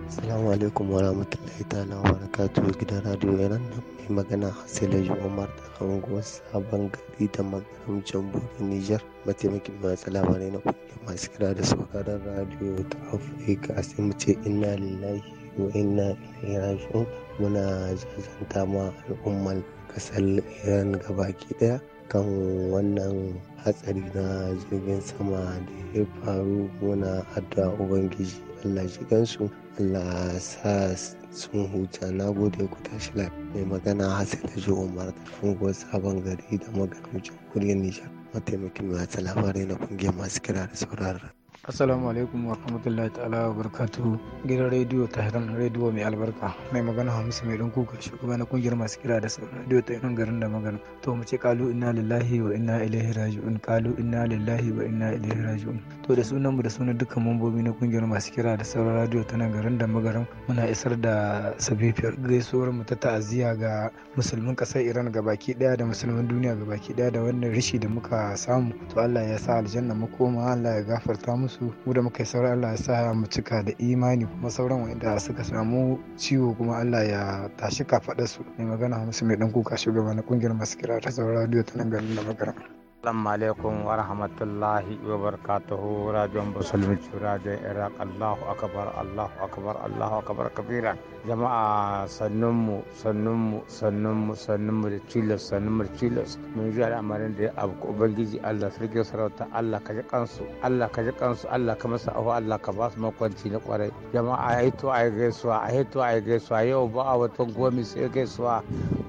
Assalamu alaikum wa rahmatullahi ta'ala wa barakatuhu gidan radio Iran nan mai magana Hasila Umar daga unguwar Sabon Gari da Magaram Jamhuriyar Nijar mataimakin masu labarai na kungiyar masu kira da sauraron radio ta Afirka sai mu ce inna lillahi wa inna ilaihi raji'un muna jajanta ma al'umman kasar Iran gabaki ɗaya kan wannan hatsari na jirgin sama da ya faru muna addu'a ubangiji Allah shi su. Allah sa sun huta na gode ku tashi mai magana hassan da jo umar da fungo sabon gari da maganin jamhuriyar nijar mataimakin mai labarai na kungiyar masu kira da sauraron Assalamu alaikum wa rahmatullahi ta'ala wa barkatu. Gidan rediyo ta hiran rediyo mai albarka. Mai magana Hamisu mai dan kuka shugaba na kungiyar masu kira da sauran rediyo ta irin garin da magana. To mu ce kalu inna lillahi wa inna ilaihi raji'un. Kalu inna lillahi wa inna ilaihi raji'un. To da sunan mu da sunan dukkan mambobi na kungiyar masu kira da sauran rediyo ta nan garin da magaran muna isar da sabifiyar gaisuwar mu ta ta'aziyya ga musulmin kasar Iran gabaki daya da musulmin duniya gabaki daya da wannan rishi da muka samu. To Allah ya sa aljanna mu koma Allah ya gafarta musu su mu da muka yi sauran Allah ya sa mu cika da imani kuma sauran wanda suka samu ciwo kuma Allah ya tashi kafaɗa su mai magana musu mai dan kuka shugaba na kungiyar masu kira ta sauran radio ta nan garin da magana. Assalamu alaikum wa rahmatullahi wa barakatuhu rajon musulmi rajon iraq allahu akbar allahu akbar allahu akbar kabira jama'a sannunmu sannunmu sannunmu sannunmu da tilas sannunmu da tilas mun ji al'amarin da ya abu ubangiji allah sarki sarauta allah ka ji kansu allah ka ji kansu allah ka masa ahu allah ka ba su makwanci na kwarai jama'a yi hito a yi gaisuwa a hito a yi gaisuwa yau ba a watan gomi sai gaisuwa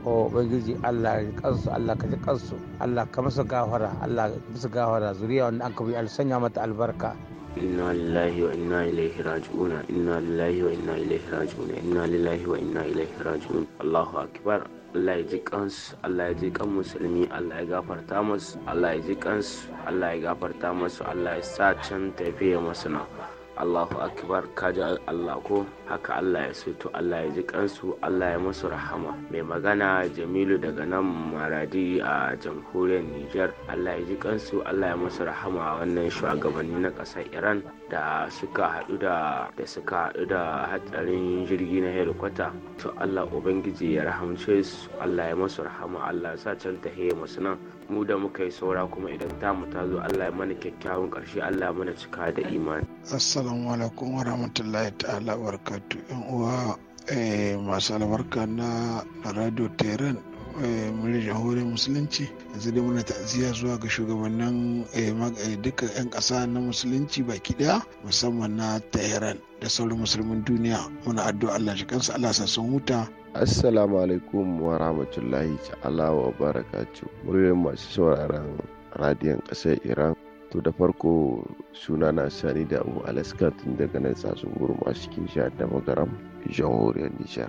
oh, ubangiji allah ya ji kansu allah ka ji kansu allah ka masa gafara gawara Allah bisa gawara zuriya wanda an kabi sanya mata albarka inna lillahi wa inna ilaihi raji'una inna lillahi wa inna ilaihi raji'una inna lillahi wa inna ilaihi raji'un Allahu akbar Allah ya ji kansu Allah ya ji kan musulmi Allah ya gafarta musu Allah ya ji kansu Allah ya gafarta musu Allah ya sa can tafiya masana Allahu akbar kaji Allah ko haka Allah ya soto Allah ya ji kansu Allah ya musu rahama mai magana Jamilu daga nan Maradi a jamhuriyar Nijar Allah ya ji kansu Allah ya musu rahama wannan shugabanni na ƙasar Iran da suka haɗu da da suka haɗu da hatsarin jirgi na helikwata to Allah ubangiji ya rahamce su Allah ya musu rahama Allah ya sa can ta musu nan mu da muka yi saura kuma idan mu ta zo Allah ya mana kyakkyawan ƙarshe Allah ya mana cika da imani assalamu alaikum wa rahmatullahi ta'ala barka wato yan uwa eh, masu albarka na radio tehran eh, muryar jamhuriyar musulunci yanzu dai muna ta'aziyya zuwa ga shugabannin eh, duka 'yan ƙasa na musulunci baki daya musamman na tehran da sauran musulmin duniya muna addu'a allah shi kansa allah sa sun huta assalamu alaikum wa rahmatullahi ta'ala wa barakatu muryar masu sauraron radiyon ƙasar iran to da farko suna na sani da abu alaska tun daga nan tsatsun gurma cikin sha da magaram horiyar nijar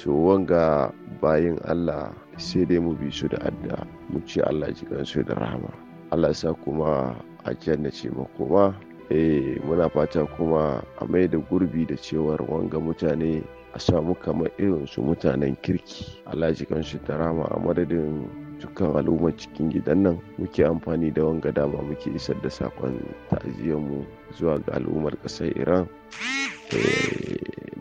to wanga bayan allah sai dai mu bi su da adda mu ce allah ji kansu da rahama allah sa kuma a na ce makoma eh muna fata kuma a mai da gurbi da cewar wanga mutane a samu kamar irin su mutanen kirki allah ji kansu da rahama a madadin dukkan al'ummar cikin gidan nan muke amfani da wanga dama muke isar da sakon saƙon mu zuwa ga al'ummar ƙasar iran eh,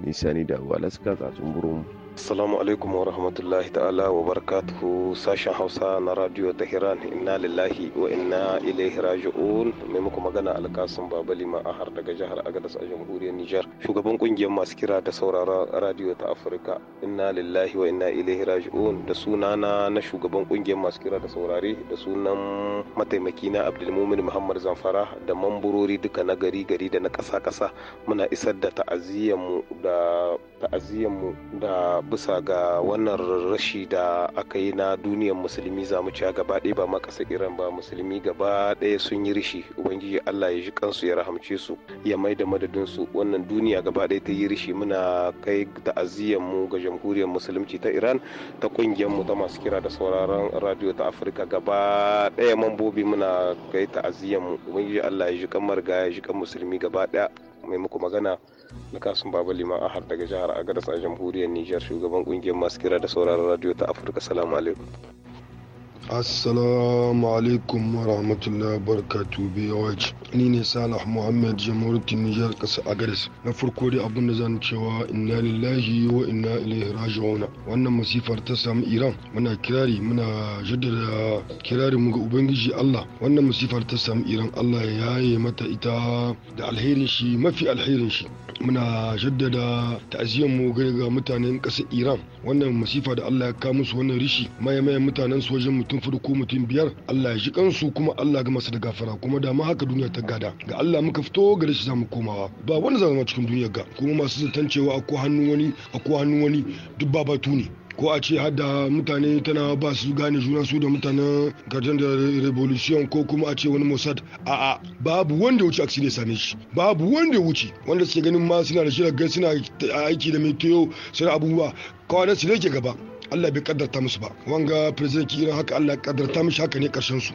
nisani da alaska tsatsun burin Assalamu alaikum wa rahmatullahi ta'ala wa barakatuhu sashen Hausa na Radio Tehran inna lillahi wa inna ilaihi raji'un mai muku magana alkasun Babali har daga jihar Agadas a jamhuriyar Nijar shugaban kungiyar masu kira da saurara radio ta Afirka inna lillahi wa inna ilaihi raji'un da sunana na shugaban kungiyar masu kira da saurare da sunan mataimaki na Abdulmumin Muhammad Zamfara da mamburori duka na gari gari da na kasa kasa muna isar da ta'aziyyar mu da ta'aziyyar mu da bisa ga wannan rashi da aka yi na duniyar musulmi za zamu cewa gaba ɗaya ba ma iran ba musulmi gaba ɗaya sun yi rishi ubangiji allah ya ji kansu ya rahamce su ya mai da madadin su wannan duniya gaba ɗaya ta yi rishi muna kai ta'aziyyar mu ga jamhuriyar musulunci ta iran ta ƙungiyar mu ta masu kira da sauraron radio ta afirka gaba ɗaya mambobi muna kai ta'aziyyar mu ubangiji allah ya ji kan ga ya ji kan musulmi gaba ɗaya mai muku magana na kasum baba liman ahar daga jihar agadas a jamhuriyar nijar shugaban kungiyar masu kira da sauraron radio ta afirka salamu alaikum assalamu alaikum wa rahmatullahi barakatu biyawaj ni ne salah muhammad jamhuriyar nijar kasa agaris na farko dai abin da zan cewa inna lillahi wa inna ilaihi raji'un wannan masifar ta samu iran muna kirari muna jaddada kirari mu ga ubangiji allah wannan masifar ta samu iran allah ya yaye mata ita da alherin shi mafi alherin shi muna jaddada ta'aziyar mu ga mutanen kasar iran wannan masifa da allah ya kawo musu wannan rishi maye maye mutanen su wajen mutum sun fi mutum biyar Allah ya shi kansu kuma Allah ga masa da gafara kuma da haka duniya ta gada ga Allah muka fito gare shi zamu komawa ba wani zama cikin duniyar ga kuma masu zaton cewa ko hannun wani hannun wani duk babatu ne ko a ce hada mutane tana ba su gane juna su da mutanen garden da revolution ko kuma a ce wani mossad a a babu wanda wuce aksi ne same shi babu wanda wuce wanda suke ganin ma suna da shi suna aiki da mai suna abubuwa kawai su ne gaba Allah bai kaddarta musu ba wanga president irin haka Allah ya kaddarta mishi haka ne karshen su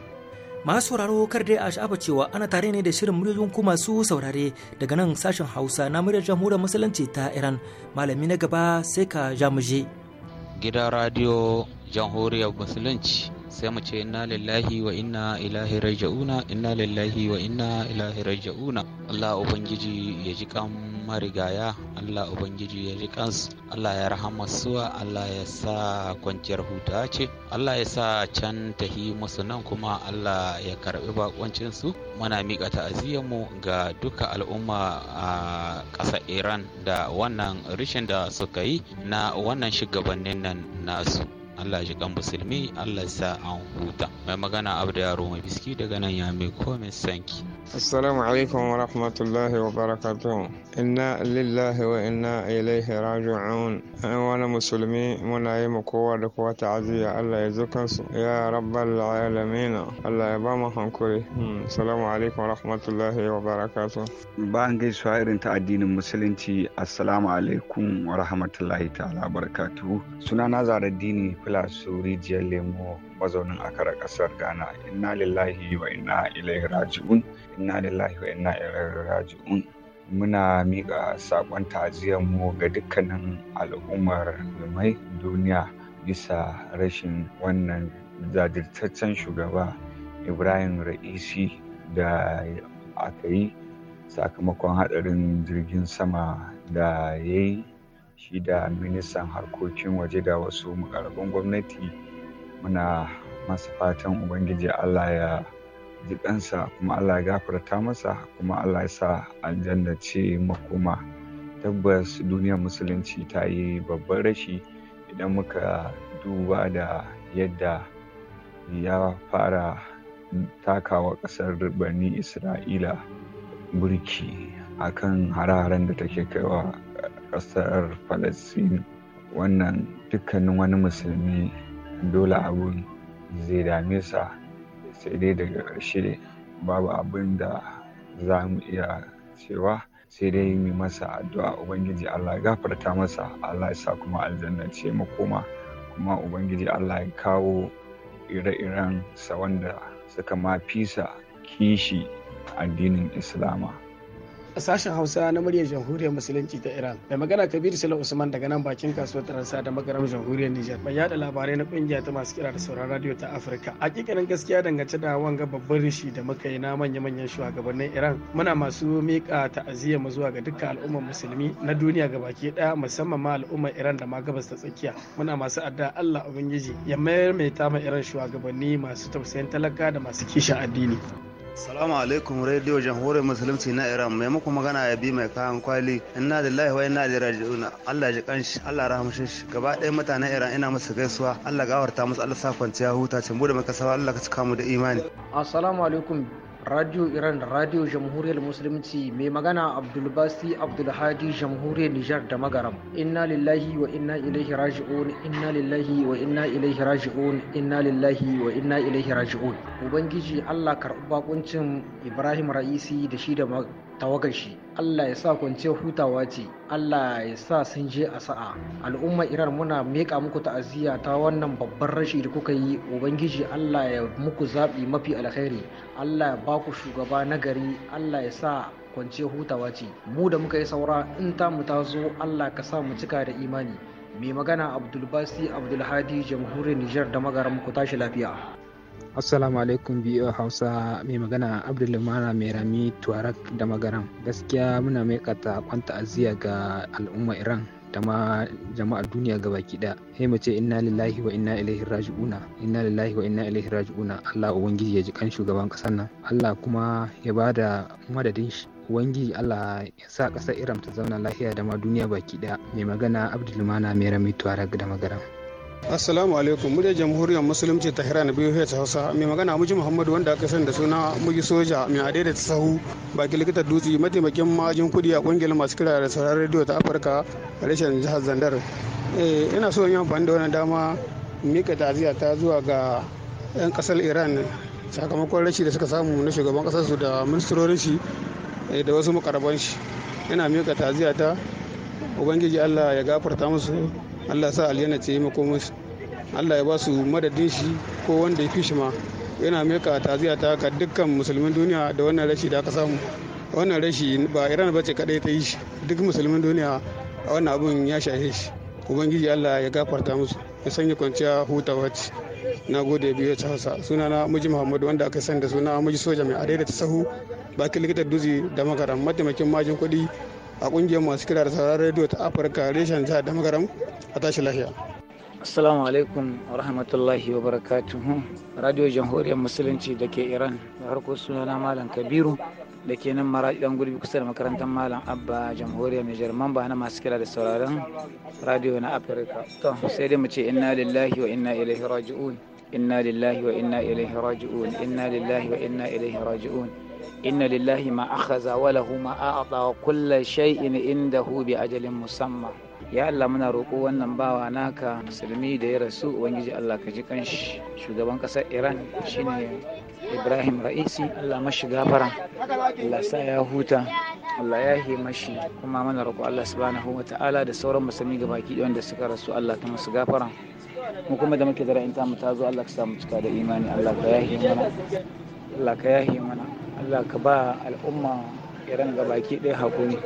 masu sauraro kar dai a sha'afa cewa ana tare ne da shirin muryoyin ku masu saurare daga nan sashen hausa na muryar jamhuriyar musulunci ta iran malami na gaba sai ka jamuje mu gidan radio jamhuriyar musulunci sai mu ce inna lillahi wa inna ilahi raja'una inna lillahi wa inna ilahi raja'una Allah ubangiji ya ji kan marigaya Allah ubangiji ya ji kansu Allah ya rahama suwa Allah ya sa kwanciyar huta ce Allah ya sa can tahi musu nan kuma Allah ya karbi bakoncin su muna miƙa ta'aziyar mu ga duka al'umma a ƙasar Iran da wannan rishin da suka yi na wannan shugabannin nan nasu Allah ji kan musulmi Allah sa an huta mai magana abu da yaro mai biski daga nan ya mai komai sanki assalamu alaikum wa rahmatullahi wa barakatuh inna lillahi wa inna ilaihi raji'un an wani musulmi muna yi ma kowa da kowa ta'aziyya Allah ya zo kansu ya rabbal alamin Allah ya ba mu hankuri hmm. assalamu alaikum wa rahmatullahi wa barakatuh ban gaisuwa irin ta addinin musulunci assalamu alaikum wa rahmatullahi ta'ala barakatuh sunana dini. ilyasu rijiyar lemo mazaunin akara kasar ghana inna lillahi wa inna ilaihi raji'un inna lillahi wa inna ilaihi raji'un muna miƙa saƙon mu ga dukkanin al'ummar mai duniya bisa rashin wannan jajirtaccen shugaba ibrahim ra'isi da aka yi sakamakon haɗarin jirgin sama da ya yi shi da ministan harkokin waje da wasu mukarraban gwamnati muna masa fatan ubangiji allah ya ji ɗansa, kuma allah ya gafarta masa kuma allah ya sa aljanna ce makoma tabbas duniyar musulunci ta yi babban rashi idan muka duba da yadda ya fara takawa ƙasar birnin isra'ila burki akan hare-haren da take kaiwa ƙasar Falasɗin wannan dukkanin wani musulmi dole abun zai dame sa sai dai daga ƙarshe babu abin da za mu iya cewa sai dai mu masa addu'a ubangiji allah ya gafarta masa allah ya sa kuma aljanna ce makoma kuma ubangiji allah ya kawo ire-iren sa wanda suka ma fisa kishi addinin islama A sashen hausa na muryar jamhuriyar musulunci ta iran mai magana kabiru sala usman daga nan bakin kasuwar taransa da magaram jamhuriyar nijar mai yada labarai na kungiya ta masu kira da sauran radio ta afirka A kikirin gaskiya dangance da wanga babban rishi da muka yi na manya-manyan shugabannin iran muna masu miƙa ta'aziyya mu zuwa ga dukkan al'ummar musulmi na duniya ga baki daya musamman ma al'ummar iran da ma gabas ta tsakiya muna masu adda allah ubangiji ya mayar mai tama iran shugabanni masu tausayin talaka da masu kishin addini Salamu alaikum Radio Jamhuriyar Musulunci na Iran mai muku magana ya bi mai kayan kwali inna lillahi wa inna ilaihi raji'un Allah ji kanshi Allah rahamshe shi gaba ɗaya mutanen Iran ina musu gaisuwa Allah gawarta musu Allah sa kwanciya huta cin bude maka sawa Allah ka cika mu da imani Assalamu alaikum radio iran da radio jamhuriyar musulunci mai magana abdulbasi abdulhadi jamhuriyar nijar da magaram inna lillahi wa inna ilaihi raji'un inna lillahi wa inna ilaihi raji'un inna lillahi wa inna ilaihi raji'un ubangiji allah karɓi bakuncin ibrahim ra'isi da shi da tawagar shi allah ya sa kwanciyar hutawa ce allah ya sa sun je a sa'a al'ummar iran muna meka muku ta'aziyya ta wannan babban rashi da kuka yi ubangiji allah ya muku zaɓi mafi alkhairi allah ya baku shugaba na gari allah ya sa kwanciyar hutawa ce mu da muka yi saura in ta mu ta zo allah ka sa mu cika da imani mai magana abdulbasi abdulhadi jamhuriyar nijar da magaran ku tashi lafiya Assalamu alaikum biyu Hausa mai magana Abdulmana mai rami Tuareg da magaram. Gaskiya muna maikata kwanta aziya ga al'umma Iran da ma jama'ar duniya ga baki daya sai mu ce inna lillahi wa inna ilaihi raji'una inna lillahi wa inna ilaihi raji'una Allah ubangiji ya ji kan shugaban kasar nan Allah kuma ya bada madadin shi ubangiji Allah ya sa kasar Iran ta zauna lahiya da ma duniya baki daya mai magana Abdulmana mai rami Tuareg da magaram. Assalamu alaikum muryar jamhuriyar musulunci ta hira na biyu ta Hausa mai magana muji Muhammadu wanda aka sani da suna muji soja mai adaida da sahu baki likitar dutse mataimakin majin kudi a kungiyar masu kira da sauran rediyo ta Afirka reshen jihar Zandar. Eh, ina so yi amfani da wannan dama mika ta'aziyya ta zuwa ga 'yan kasar Iran sakamakon rashi da suka samu na shugaban kasar su da ministrorin shi eh, da wasu makarabanshi. shi. Ina mika ta'aziyya ta Ubangiji Allah ya gafarta musu allah sa aliyana ce makomin su allah ya ba su madadin shi ko wanda ya fi shi ma yana meka taziya ta ga dukkan musulmin duniya da wannan rashi da aka samu wannan rashi ba iran ba ce kadai ta yi shi duk musulmin duniya a wannan abun ya shahe shi ubangiji allah ya gafarta musu ya sanya kwanciya hutawa ce na gode biyu ta hausa suna na muji muhammadu wanda aka san da suna muji soja mai adai da ta sahu bakin likitar duzi da makaram mataimakin majin kuɗi a kungiyar masu kira da sauran rediyo ta afirka reshen jihar da a tashi lafiya Assalamu alaikum wa rahmatullahi wa barakatuhu. Radio Jamhuriyar Musulunci da ke Iran da harko sunana Malam Kabiru da ke nan mara ɗan gurbi kusa da makarantar Malam Abba Jamhuriyar Nijar mamba na masu kira da sauraron radio na Afirka. To sai dai mu ce inna lillahi wa inna ilaihi raji'un. Inna lillahi wa inna ilaihi raji'un. Inna lillahi wa inna ilaihi raji'un. inna lillahi ma akhadha wa lahu ma a'ta wa kullu shay'in indahu bi ajalin musamma ya Allah muna roƙo wannan bawa naka musulmi da ya rasu ubangiji Allah ka ji kanshi shugaban ƙasar Iran shine Ibrahim Ra'isi Allah mashi gafara Allah sa ya huta Allah ya yi mashi kuma mana roƙo Allah subhanahu wa ta'ala da sauran musulmi baki, wanda suka rasu Allah ta musu gafara mu kuma da muke da ra'ayin ta mu ta zo Allah ka mu cika da imani Allah ka yahi mana Allah ka yahi mana Allah ka ba al'umma iran baki ɗaya haƙuri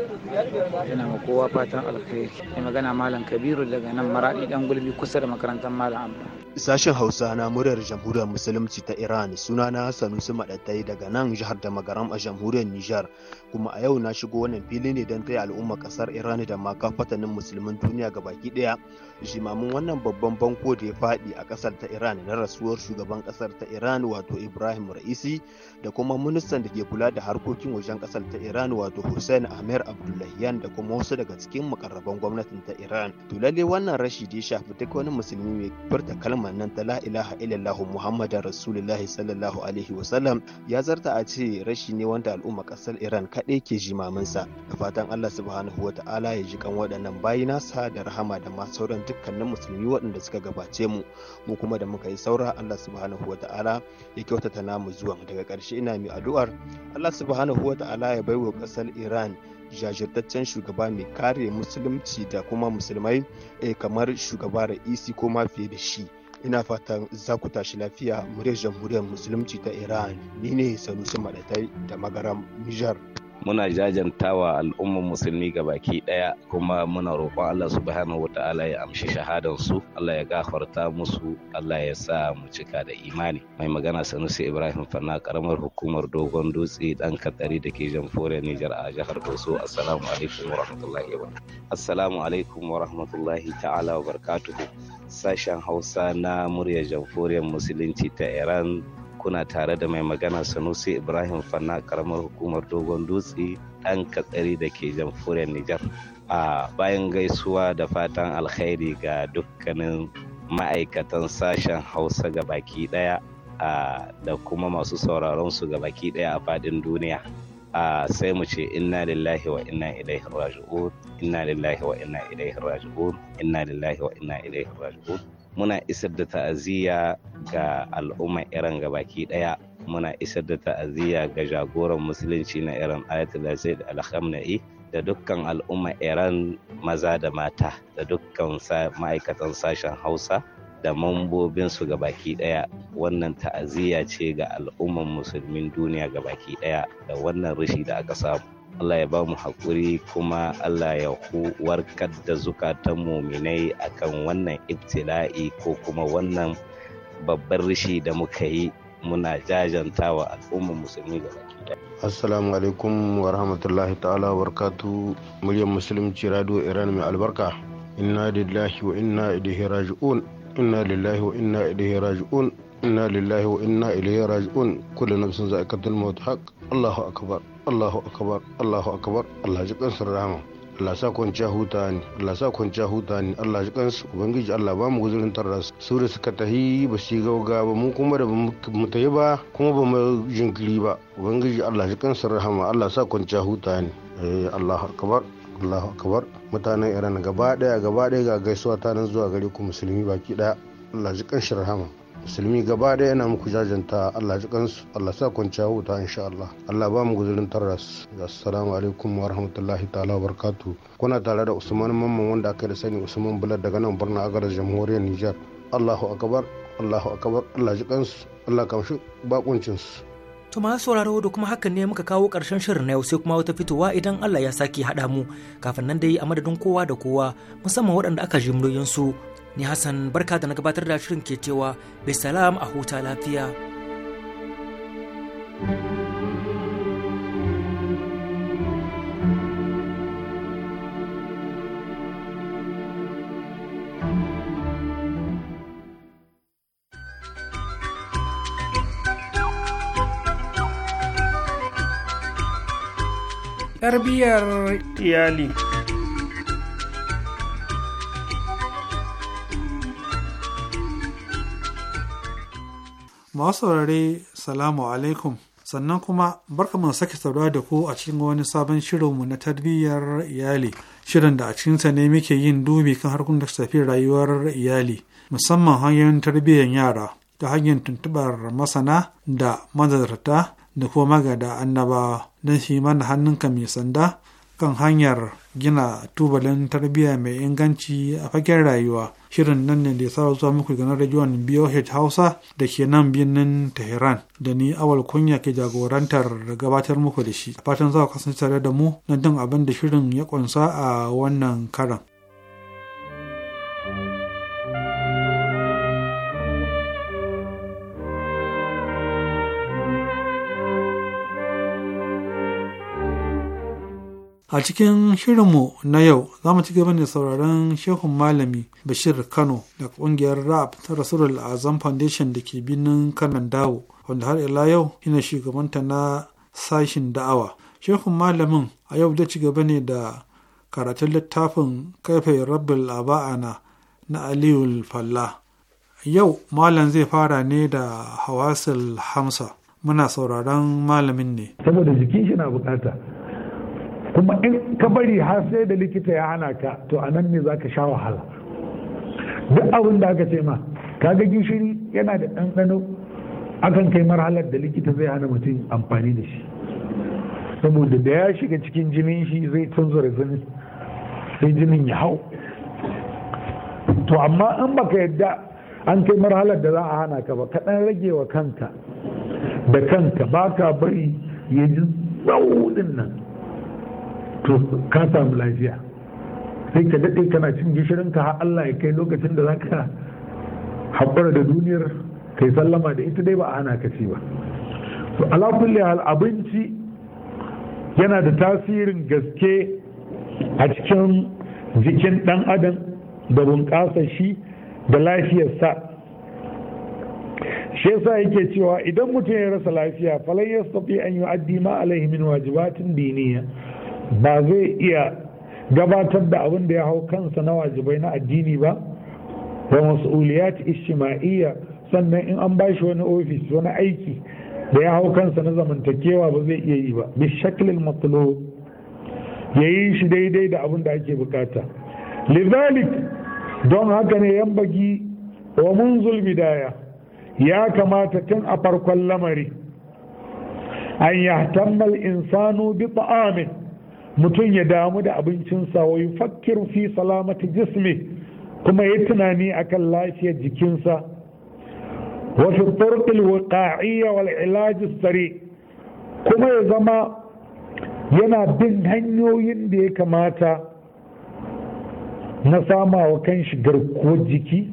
yana ma kowa fatan alkhairi ya magana malam kabiru daga nan maraɗi ɗan gulbi kusa da makarantar malam amma sashen hausa na muryar jamhuriyar musulunci ta iran sunana sanusi maɗattai daga nan jihar da magaram a jamhuriyar nijar kuma a yau na shigo wannan fili ne don taya al'umma kasar Iran da ma kafatanin musulmin duniya ga baki daya jimamin wannan babban banko da ya fadi a kasar ta Iran na rasuwar shugaban kasar ta Iran wato Ibrahim Ra'isi da kuma ministan da ke kula da harkokin wajen kasar ta Iran wato Hussein Amir Abdullahian da kuma wasu daga cikin makarraban gwamnatin ta Iran to lalle wannan rashi da ya shafi duk wani musulmi mai furta kalmar nan ta la ilaha illallah muhammadan Rasulullahi sallallahu alaihi wasallam ya zarta a ce rashi ne wanda al'umma kasar Iran kai kaɗai ke jimaminsa da fatan Allah subhanahu wa ta'ala ya ji kan waɗannan bayi nasa da rahama da ma sauran dukkanin musulmi waɗanda suka gabace mu mu kuma da muka yi saura Allah subhanahu wa ta'ala ya kyautata namu zuwa. daga ƙarshe ina mai addu'ar Allah subhanahu wa ta'ala ya baiwa ƙasar Iran jajirtaccen shugaba mai kare musulunci da kuma musulmai eh, kamar shugaba Isi ko ma fiye da shi ina fatan za ku tashi lafiya muryar jamhuriyar musulunci ta iran ni ne sanusi maɗatai da magaram nijar muna jajantawa al'ummar musulmi ga baki daya kuma muna roƙon Allah subhanahu ta'ala ya amshi shahadan su Allah ya gafarta musu Allah ya sa mu cika da imani mai magana Sanusi Ibrahim Fanna karamar hukumar Dogon Dutse dan Katsari da ke jamhuriyar Nijar a jihar Boso assalamu alaikum wa rahmatullahi assalamu alaikum wa ta'ala wa sashen Hausa na muryar jamhuriyar musulunci ta Iran kuna tare da mai magana Sanusi Ibrahim Fanna karamar hukumar Dogon Dutse ɗan katsari da ke jamhuriyar Nijar. A bayan gaisuwa da fatan alkhairi ga dukkanin ma'aikatan sashen Hausa ga baki ɗaya da kuma masu sauraron su ga baki ɗaya a fadin duniya. a sai mu ce inna lillahi wa inna ilaihi raji'un inna lillahi wa inna ilaihi raji'un inna lillahi wa inna ilaihi raji'un muna isar da ta'aziyya ga al'umma iran gabaki daya muna isar da ta'aziyya ga jagoran musulunci na iran ayatollah zaid al-khamenei da dukkan al'umma iran maza da mata da dukkan ma'aikatan sashen hausa da mambobinsu baki daya wannan ta'aziyya ce ga al'umman musulmin duniya gabaki daya da wannan rishi da aka samu Allah ya ba mu haƙuri kuma Allah ya warkar da zukatan muminai akan wannan ibtila'i ko kuma wannan babban rishi da muka yi muna jajantawa al'ummar musulmi gaba assalamu alaikum wa rahmatullahi ta'ala wa barakatu muryar musulunci radio iran mai albarka inna lillahi wa inna ilaihi raji'un inna lillahi wa inna ilaihi raji'un inna lillahi wa inna ilaihi raji'un kullu nafsin za'iqatul maut haqq. allahu akbar Allahu akbar Allahu akbar Allah ji kansu rahama Allah sa kwanciya huta ne Allah sa kwanciya huta ne Allah ji kansu ubangiji Allah ba mu guzurin tarras su da suka tahi ba su gauga ba mu kuma da mu tayi ba kuma ba mu jinkiri ba ubangiji Allah ji kansu rahama Allah sa kwanciya huta ne eh Allahu akbar Allahu akbar mutanen Iran gaba daya gaba daya ga gaisuwa ta nan zuwa gare ku musulmi baki daya Allah ji kansu rahama musulmi gaba da yana muku jajanta Allah ji kansu Allah sa kwanciya huta insha Allah Allah ba mu guzurin taras assalamu alaikum wa rahmatullahi ta'ala wa barakatuh kuna tare da Usman Mamman wanda aka da sani Usman Bulat daga nan Barna Agarar Jamhuriyar Nijar Allahu akbar Allahu akbar Allah ji kansu Allah kamshi bakuncin su To ma sauraro da kuma hakan ne muka kawo karshen shirin na yau sai kuma wata fitowa idan Allah ya sake haɗa mu kafin nan dai a madadin kowa da kowa musamman waɗanda aka ji su ni Hassan barka da na gabatar da shirin ke cewa bai salam a huta lafiya. Tarbiyyar iyali. masu saurare salamu alaikum sannan kuma barka mu sake saurara da ku a cikin wani sabon shirinmu na tarbiyyar iyali shirin da a cikinsa ne muke yin dubi kan harkokin da tafi rayuwar iyali musamman hanyoyin tarbiyyar yara ta hanyar tuntubar masana da mazarta da kuma magada annabawa don shi mana hannunka mai sanda kan hanyar gina tubalin tarbiyya mai inganci a fagen rayuwa shirin nan ne da ya sa zuwa muku ganin rajiyon BOH Hausa da ke nan birnin Tehran da ni awal kunya ke jagorantar gabatar muku da shi fatan za ku kasance tare da mu na jin abin da shirin ya kunsa a wannan karan. A cikin shirinmu na yau za mu ci gaba ne sauraron Shehun Malami Bashir Kano da ƙungiyar RAP ta Rasulul Azam Foundation da ke binin kanan dawo wanda har ila yau ina shugabanta na sashin da'awa. Shehun Malamin a yau da ci gaba ne da karatun littafin kaife rabbul aba'ana na Aliyu Falla. Yau Malam zai fara ne da Hawasil Hamsa. Muna sauraron malamin ne. Saboda jikin shi na bukata. kuma in ka bari har sai da likita ya hana ka to a nan ne za ka sha wahala duk abin da aka ce ma kaga gishiri yana da ɗanɗano akan kai marhalar da likita zai hana mutum amfani da shi saboda da ya shiga cikin jinin shi zai tunzura jinin sai jinin ya hau to amma in baka yadda an kai marhalar da za a hana ka ba kaɗan rage wa kanka da kanka ba ka bari ya ji tsawo nan to ka samu lafiya sai ka daɗe kana cin gishirin ka har Allah ya kai lokacin da zaka haƙura da duniyar kai sallama da ita dai ba a hana ka ci ba to ala kulli hal abinci yana da tasirin gaske a cikin jikin ɗan adam da bunƙasa shi da lafiyarsa shi yasa yake cewa idan mutum ya rasa lafiya ya sabi an yi addima alaihi min wajibatin diniya ba zai iya gabatar da abin da ya hau kansa na wajibai na addini ba wa mas'uliyat ishtima'iyya sannan in an bashi wani ofis wani aiki da ya hau kansa na zamantakewa ba zai iya yi ba bi shaklil matlub ya yi shi daidai da abin da ake bukata lidhalik don haka ne yan bagi wa munzul daya ya kamata tun a farkon lamari an yahtammal insanu bi ta'amin mutum ya damu da abincinsa wa fakir fi salamati jismi kuma ya tunani akan lafiyar jikinsa wa fi turqil wiqa'iyya wal ilaj sari kuma ya zama yana bin hanyoyin da ya kamata na sama wa shigar garkuwar jiki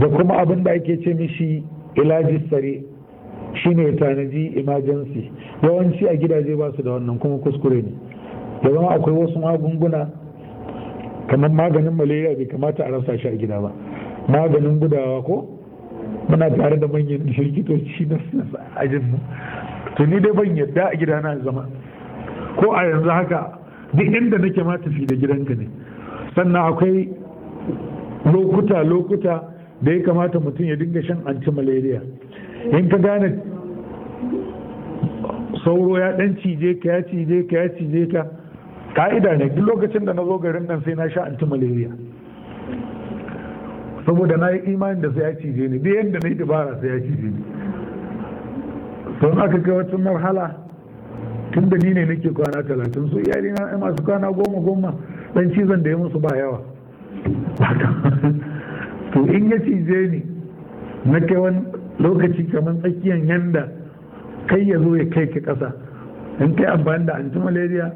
da kuma abin da ake ce mishi ilaji sare shine tanaji emergency yawanci a gidaje ba su da wannan kuma kuskure ne da zama akwai wasu magunguna kamar maganin malaria bai kamata a rasa shi a gida ba maganin gudawa ko muna tare da manyan likitoci na ajin mu to ni dai ban yadda a gida na zama ko a yanzu haka duk inda nake ma tafi da gidanka ne sannan akwai lokuta lokuta da ya kamata mutum ya dinga shan anti malaria in ka gane sauro ya dan cije ka ya cije ka ya cije ka ka'ida ne duk lokacin da na zo garin nan sai na sha anti-malaria saboda na yi imanin da sai ya cije ni duk yadda na yi dabara sai ya cije ni sun aka kai wata marhala tun da ni ne nake kwana talatin su iyali na masu kwana goma goma dan cizon da ya musu ba yawa [laughs] to in ya cije ni na kai wani lokaci kamar tsakiyar yanda kai ya zo ya kai ki kasa in kai amfani da anti-malaria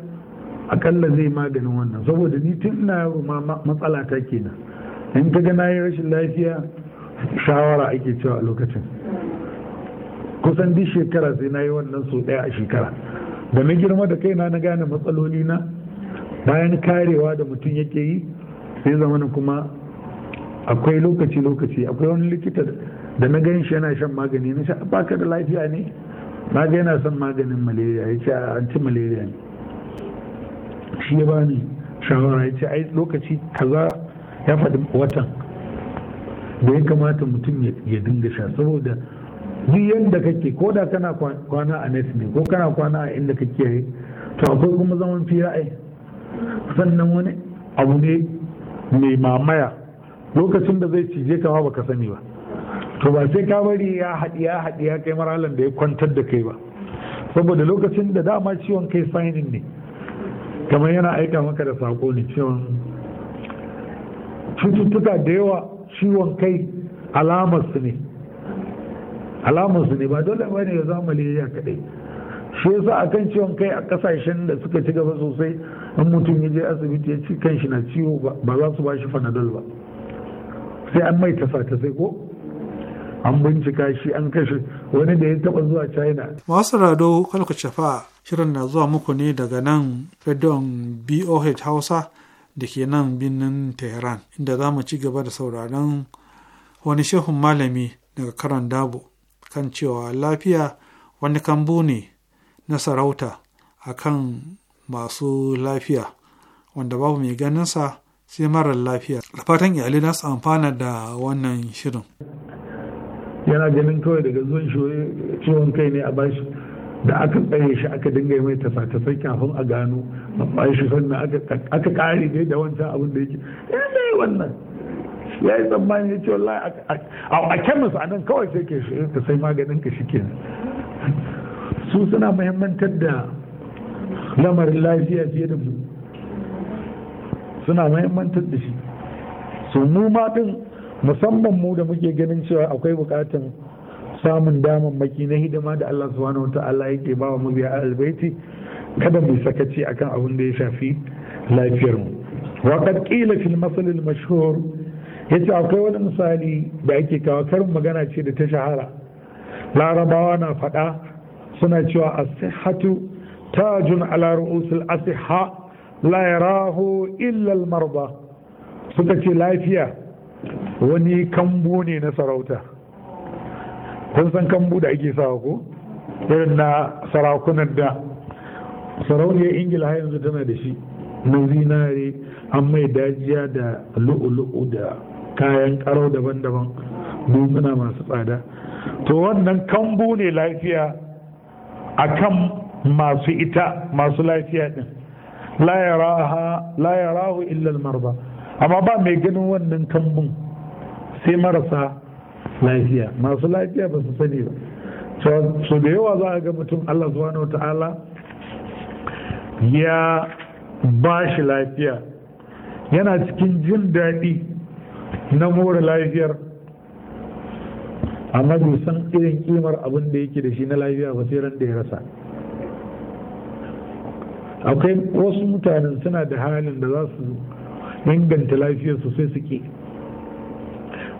akalla zai maganin wannan saboda ni tun ina yaro ma matsala ta kenan in ka ga yi rashin lafiya shawara ake cewa a lokacin kusan duk shekara sai na yi wannan sau ɗaya a shekara da na girma da kaina na gane matsaloli na bayan karewa da mutum yake yi sai zamanin kuma akwai lokaci-lokaci akwai wani likita da na gan shi yana shan magani na sha baka da lafiya ne na ga yana son maganin malaria ya ce anti malaria ne shi ya bani shawara ya ce ai lokaci kaza ya faɗi watan da ya kamata mutum ya dinga sha saboda duk yadda kake ko da kana kwana a nes ne ko kana kwana a inda kake yi to akwai kuma zaman fiye ai sannan wani abu ne mai mamaya lokacin da zai cije kama baka sani ba to ba sai ka bari ya haɗi ya haɗi ya kai maralan da ya kwantar da kai ba saboda lokacin da dama ciwon kai sainin ne kamar yana aika maka da sako ne cewa cututtuka da yawa ciwon kai alamarsu ne alamarsu ne ba dole ba ne ya zama maleriya kaɗai shi yasa a kan ciwon kai a kasashen da suka ci gaba sosai in mutum ya je asibiti ya ci kanshi na ciwo ba za su ba shi fanadol ba sai an mai tasa ta sai ko an bincika shi an kashe wani da ya taba zuwa china masu rado kwalka shafa Shirin na zuwa muku ne daga nan Fedon BOH Hausa da ke nan birnin Tehran, inda za mu ci gaba da sauraron wani shehun malami daga karan dabo kan cewa lafiya wani kambu ne na sarauta a kan masu lafiya, wanda babu mai ganinsa sai marar lafiya. Da fatan iyali na su amfana da wannan shirin. Yana ganin kawai daga zuwan ciwon kai ne a bashi. da aka tsare shi aka dinga mai tasa-tasai kafin a gano amma shi sannan aka kare ne da wancan abin da yake eh wannan ya yi tsammani ya ce wallahi a kemis a nan kawai sai ke shi ka sai maganin ka shi kenan su suna muhimmantar da lamarin lafiya fiye da mu suna muhimmantar da shi su mu ma din musamman mu da muke ganin cewa akwai bukatan samun daman maki na hidima da Allah subhanahu Allah yake ba wa mabiya albaiti kada mu sakaci akan abin da ya shafi lafiyar mu wa qad qila fil masal al mashhur yace akwai wani misali da ake kawo karin magana ce da ta shahara larabawa na faɗa suna cewa as-sihhatu tajun ala ru'usil asihha la yarahu suka ce lafiya wani kambo ne na sarauta kun san kambu da ake sawa ko irin na sarakunan da sarauniyar ingila har yanzu tana da shi na zinare an mai dajiya da lu'ulu'u da kayan karo daban-daban dutsuna masu tsada to wannan kambu ne lafiya a kan masu ita masu lafiya din la yarahu illal marba amma ba mai ganin wannan kambun sai marasa lafiya masu lafiya ba su sani ba so da yawa za a ga mutum Allah subhanahu ta'ala ya ba shi lafiya yana cikin jin daɗi na more lafiyar amma bai san irin kimar abin da yake da shi na lafiya ba sai ran da ya rasa akwai wasu mutanen suna da halin da za su inganta lafiyarsu sai su ke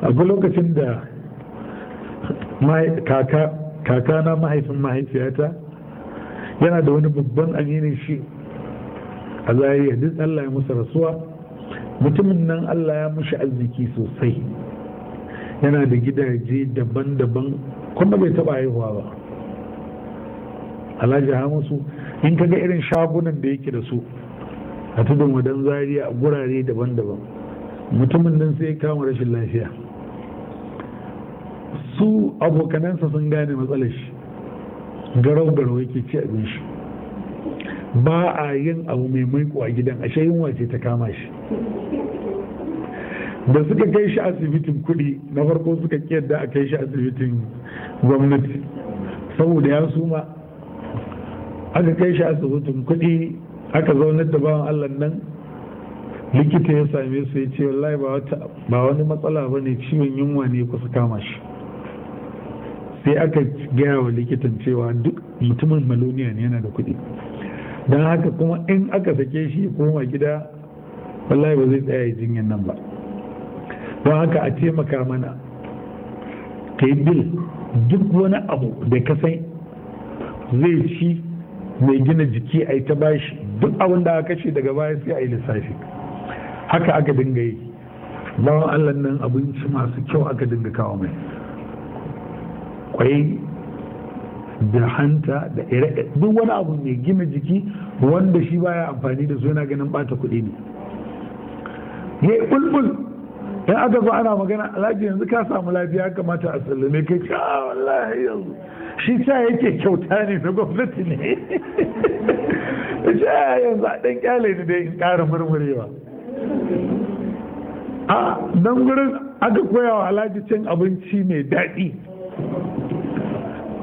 akwai lokacin da Kaka na mahaifin mahaifiyata yana da wani babban amini shi a zariya duk allah ya musa rasuwa mutumin nan allah ya mushi arziki sosai yana da gidaje daban-daban kuma bai taba haihuwa ba alhaji hamisu in kaga irin shagunan da yake da su a tudun wadan zariya a gurare daban-daban mutumin nan sai ya kama rashin lafiya su abokanansa sun gane matsalar shi garau garau yake ci abin shi ba a yin abu mai maiko a gidan ashe yunwa ce ta kama shi da suka kai shi asibitin kuɗi na farko suka kiyarda a kai shi asibitin gwamnati saboda ya suma aka kai shi asibitin kuɗi aka zaunar da bawan allah nan likita ya same su ya ce wallahi ba wani matsala ba ne ciwon yunwa ne kusa kama shi sai aka gaya wa likitan cewa duk mutumin maloniya ne yana da kuɗi don haka kuma in aka sake shi koma gida wallahi ba zai tsaya ya jinyar nan ba don haka a taimaka mana ka yi bil duk wani abu da ka zai ci mai gina jiki a yi ta bashi duk abin da aka kashe daga baya sai a yi lissafi haka aka dinga yi bawan allah nan abinci masu kyau aka dinga kawo mai kwai da hanta da ire duk wani abu mai gina jiki wanda shi baya amfani da suna ganin bata kuɗi ne ya yi bulbul ya aka zo ana magana alhaji yanzu ka samu lafiya kamata a sallame kai ce a ah, wallahi yanzu shi sa yake kyauta ne na gwamnati ne [laughs] ce a ah, yanzu a ɗan kyale da dai in ƙara murmurewa a dan gurin aka koya wa alhaji cin abinci mai daɗi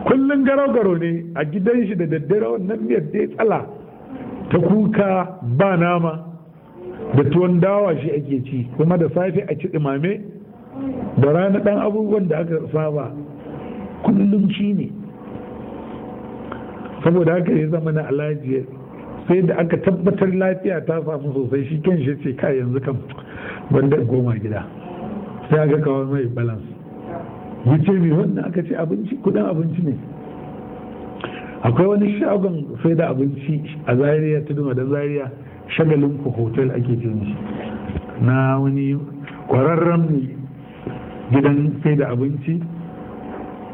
kullum garau-garau ne a gidan shi da daddare wannan miyar ya tsala ta kuka ba nama da tuwon dawa shi ake ci kuma da safe a ci da rana ɗan abubuwan da aka saba kullum shi ne saboda haka ya zama na alajiyar sai da aka tabbatar lafiya ta samu sosai shi kyan shi ce ka yanzu kam goma gida sai aka kawo mai balance ya mai wannan aka ce abinci kudin abinci ne akwai wani shagon sai da abinci a ta tudun da Zariya shagalin ku hotel ake ce mishi na wani kwararren gidan sai da abinci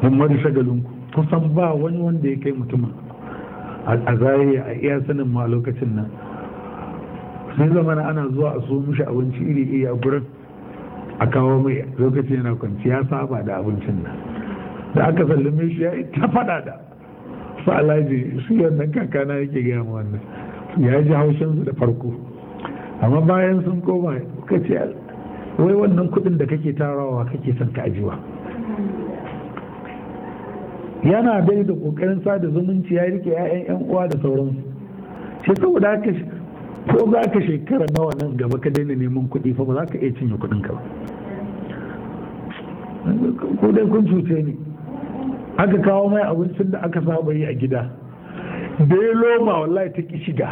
mamar shagalin ku kusan ba wani wanda ya kai mutumin a Zariya a iya sanin ma lokacin nan sai zamana ana zuwa a so mishi abinci iri iri a gurin a kawo mai lokacin yana kwanci ya saba da abincin nan da aka sallame shi ya ta fada da su alaji su wannan kakana yake gaya ma wannan ya ji haushin su da farko amma bayan sun koma suka ce wai wannan kudin da kake tarawa kake son ka ajiwa yana dai da kokarin sada zumunci ya rike 'ya'yan 'yan uwa da sauransu shi saboda haka ko za ka shekara nawa nan gaba ka daina neman kuɗi fa ba za ka iya cinye kuɗin ka ba ko dai kun cuce ni aka kawo mai abincin da aka saba yi a gida da ya loma wallahi ta ki shiga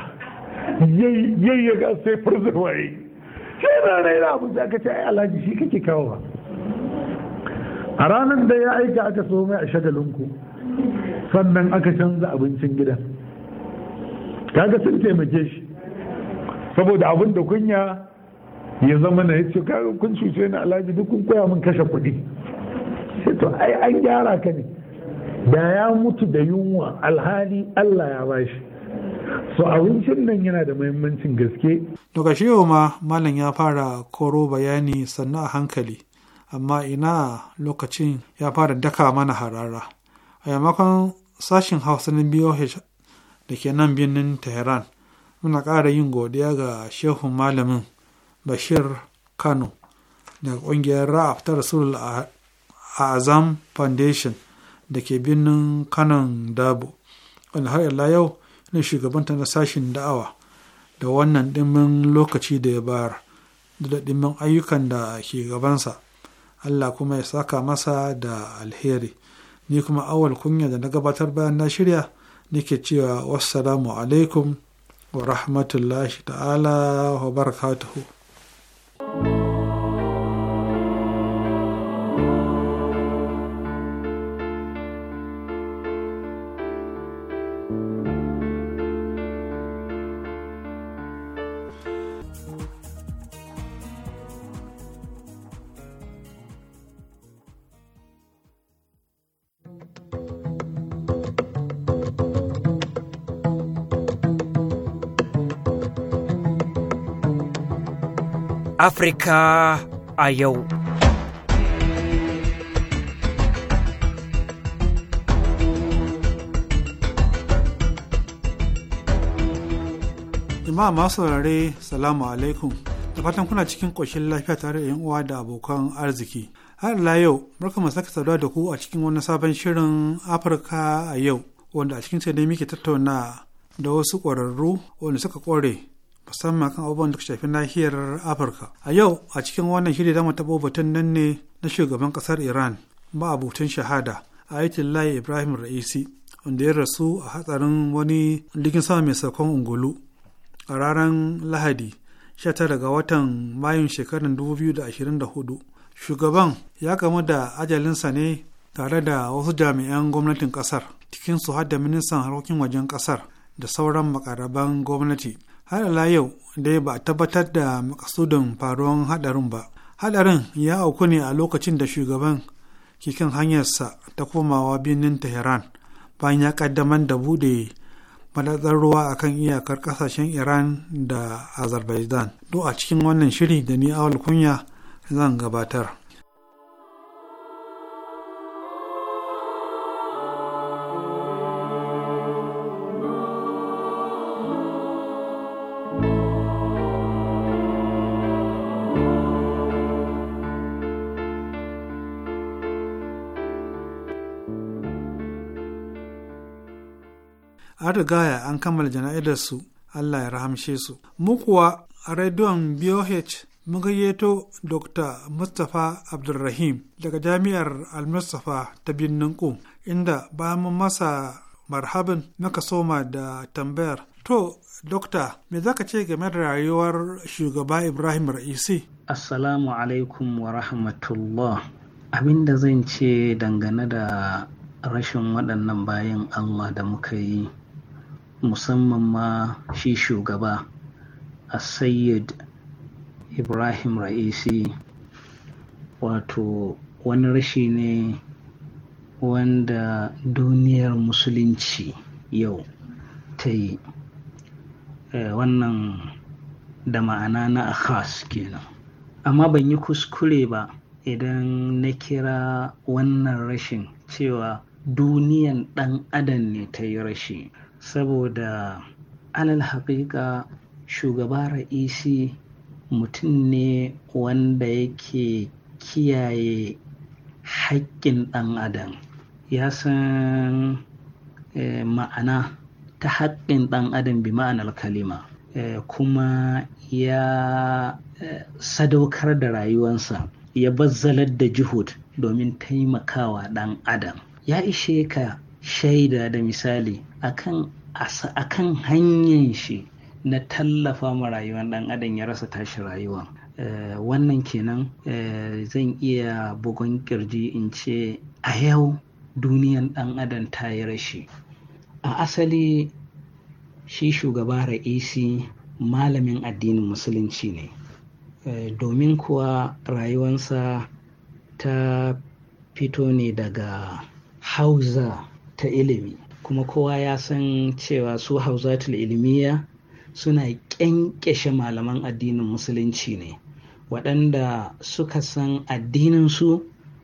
yayi ya ga sai furzurwa yi sai na raina da aka ce ai alhaji shi kake kawo ba a ranar da ya aika aka so mai a shagalinku sannan aka canza abincin gidan kaga sun taimake shi saboda abin da kunya ya zama na ya ce kun cuce ni alhaji duk kun koya min kashe kuɗi to ai an gyara ka ne da ya mutu da yunwa alhali Allah ya bashi so abincin nan yana da mahimmancin gaske to ga shi ma malam ya fara koro bayani sannan a hankali amma ina lokacin ya fara daka mana harara a yamakon sashin hausa na BOH da ke nan birnin Tehran muna ƙara yin godiya ga shehu malamin bashir kano daga ƙungiyar ra'af ta rasul azam foundation da ke birnin kanon dabo wanda har yalla yau ne shugabanta na sashin da'awa da wannan ɗimin lokaci da ya bayar da ɗimin ayyukan da ke gabansa allah kuma ya saka masa da alheri ni kuma awal kunya da na gabatar bayan na shirya nake cewa wassalamu alaikum wa rahmatullahi ta'ala wa barakatuhu Afirka a yau. Jama'a masu saurare, salamu alaikum. Da fatan kuna cikin ƙoshin lafiya tare da 'yan uwa da abokan arziki. Har la yau, barka mu saka saduwa da ku a cikin wani sabon shirin Afirka a yau, wanda a cikin sai dai muke tattauna da wasu ƙwararru wanda suka ƙware musamman kan abubuwan da shafi nahiyar afirka a yau a cikin wannan shirya zama taɓo batun nan ne na shugaban ƙasar iran ma'abutun shahada ayatollah ibrahim ra'isi wanda ya rasu a hatsarin wani jirgin sama mai saukon ungulu a ranar lahadi 19 ga watan mayun shekarar 2024 shugaban ya kamu da ajalinsa ne tare da wasu jami'an gwamnatin kasar cikinsu har da ministan harkokin wajen kasar da sauran makaraban gwamnati har ila yau dai ba a tabbatar da makasudin faruwan hadarin ba hadarin ya auku ne a lokacin da shugaban ke kan hanyarsa ta komawa birnin tehran bayan ya kaddamar da bude madatsar ruwa a kan iyakar kasashen iran da azerbaijan duk a cikin wannan shiri da ni awal kunya zan gabatar har da gaya an kammala jana'idarsu Allah ya rahamshe su. Mu kuwa a rediyon BOH mun gayyato Dr. Mustapha Abdulrahim daga Jami'ar Al-Mustapha ta birnin Kum, inda bayan mun masa marhabin muka soma da tambayar. To, Dokta, me za ka ce game da rayuwar shugaba Ibrahim Ra'isi? Assalamu alaikum wa rahmatullah. Abin da zan ce dangane da rashin waɗannan bayan Allah da muka yi musamman ma shi shugaba a Sayyid Ibrahim Ra'isi wato wani rashi ne wanda duniyar musulunci yau ta yi eh, wannan da ma'ana na akhas kenan amma ban yi kuskure ba idan na kira wannan rashin cewa duniyan ɗan adam ne ta yi rashi saboda alal haƙiƙa shugaba ra'isi mutum ne wanda yake kiyaye haƙƙin ɗan adam ya san eh, ma'ana ta haƙƙin ɗan adam bi ma'anar kalima eh, kuma ya eh, sadaukar da rayuwansa ya bazzalar da juhud domin taimakawa ɗan adam ya ishe ka shaida da misali a kan hanyar shi na tallafa ma rayuwar ɗan adam ya rasa tashi rayuwa eh, wannan kenan eh, zan iya bugon kirji in ce a yau duniyan ɗan adam ta yi rashi a asali shi shugaba ra'isi malamin addinin musulunci ne eh, domin kuwa rayuwansa ta fito ne daga hausa ta ilimi kuma kowa ya san cewa su hauzatul ilmiya suna ƙyanƙyashe malaman addinin musulunci ne waɗanda suka san addininsu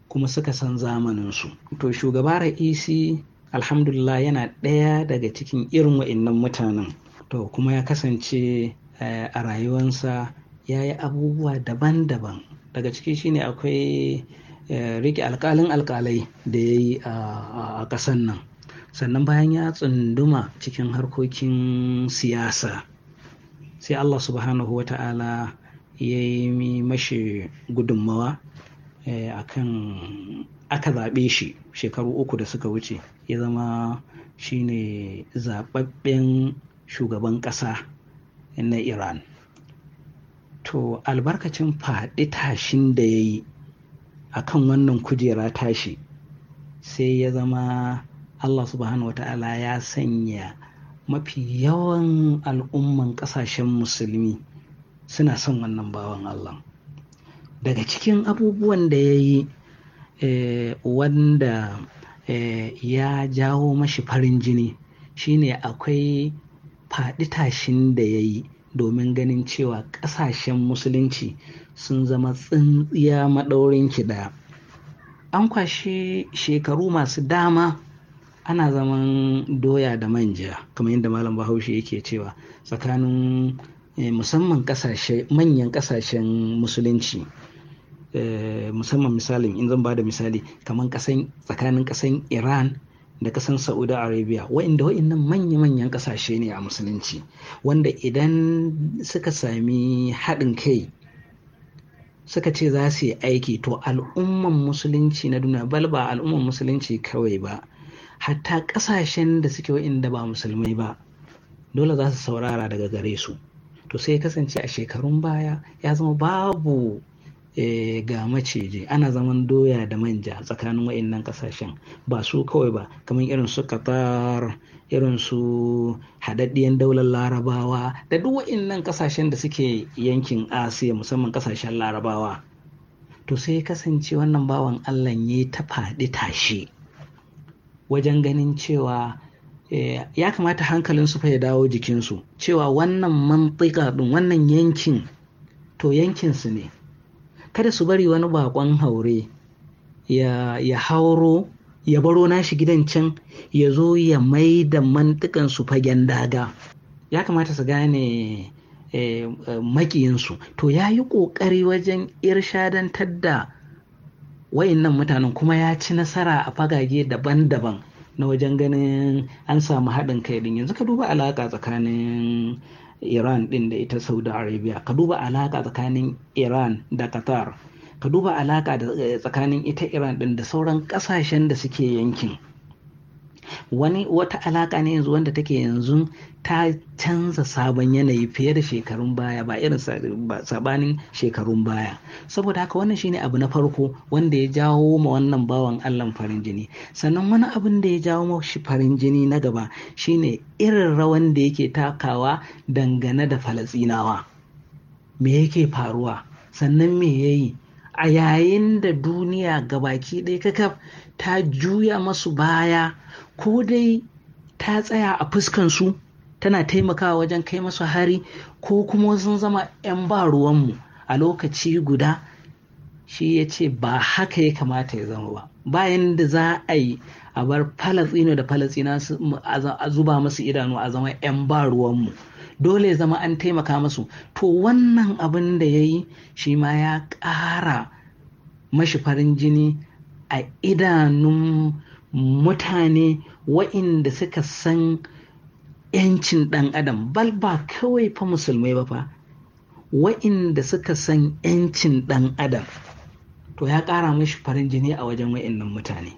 kuma suka san zamaninsu to shugaba ra'isi alhamdulillah yana ɗaya daga cikin irin wa'innan mutanen to kuma ya kasance eh, a rayuwansa ya yi abubuwa daban-daban daga ciki shine akwai Eh, rike alkalin alkalai da ya yi a ƙasan nan sannan bayan ya tsunduma cikin harkokin siyasa sai allah subhanahu wa ta'ala ya yi mashi gudunmawa eh, a kan aka zaɓe shi shekaru uku da suka wuce ya zama shi ne zaɓaɓɓen shugaban ƙasa na iran to albarkacin faɗi tashin da ya yi akan wannan kujera tashi sai ya zama Allah subhanahu ta'ala ya sanya mafi yawan al'umman kasashen musulmi suna son wannan bawan Allah daga cikin abubuwan da ya yi eh, wanda eh, ya jawo mashi farin jini shine akwai faɗi tashin da ya yi domin ganin cewa ƙasashen musulunci sun zama tsintsiya maɗaurin kiɗa an kwashe shekaru masu dama ana zaman doya da manja kamar yadda malam bahaushe yake cewa tsakanin eh, musamman kasashe manyan kasashen musulunci eh, musamman misalin in zan ba da misali kamar tsakanin kasan iran da kasan saudi arabia wa'inda wa'innan manya-manyan kasashe ne a musulunci wanda idan suka sami haɗin kai suka ce za su yi aiki to al'umman musulunci na duniya bal ba al'umman musulunci kawai ba hatta ƙasashen da suke wa'inda ba musulmai ba dole za su saurara daga gare su to sai kasance a shekarun baya ya zama babu e, ga maciji ana zaman doya da manja tsakanin wa'annan kasashen ba su kawai ba kamar irin su qatar irin su haɗaɗɗiyar daular larabawa da duk wa'annan kasashen da suke yankin asiya musamman kasashen larabawa to sai kasance wannan bawan allah ya ta faɗi tashi wajen ganin cewa eh, ya kamata su fa ya dawo jikinsu cewa wannan mantika ɗin wannan yankin to yankinsu ne kada su bari wani bakon haure ya, ya hauro ya baro nashi gidan can ya zo ya mai da mantukan su fagen daga ya kamata su gane eh, makiyinsu to ya yi ƙoƙari wajen irshadantar da wayannan mutanen kuma ya ci nasara a fagage daban-daban na wajen ganin an samu haɗin kai din yanzu ka duba alaƙa tsakanin iran din da ita saudi arabia ka duba alaka tsakanin iran da qatar ka duba alaka eh, tsakanin ita iran din da sauran kasashen da suke yankin wani wata alaka ne yanzu wanda take yanzu ta canza sabon yanayi fiye da shekarun baya ba irin sabanin shekarun baya saboda haka wannan shine abu na farko wanda ya jawo ma wannan bawan allah farin jini sannan wani abin da ya jawo ma shi farin jini na gaba shine irin rawan da yake takawa dangane da falasinawa me yake faruwa sannan me yayi a yayin da duniya gabaki ɗaya kakaf ta juya masu baya ko dai ta tsaya a fuskan su tana taimakawa wajen kai masu hari ko kuma sun zama 'yan ba ruwanmu a lokaci guda shi ya ce ba haka ya kamata ya zama ba bayan da za a yi a bar falasino da falasina a zuba masu idanu a zama 'yan ba ruwanmu dole zama an taimaka masu to wannan abin da ya yi shi ma ya ƙara mashi farin jini a idanun mutane wa'inda suka san yancin ɗan adam bal ba kawai fa musulmai ba fa wa'inda suka san yancin ɗan adam to ya ƙara mashi farin jini a wajen waɗannan mutane.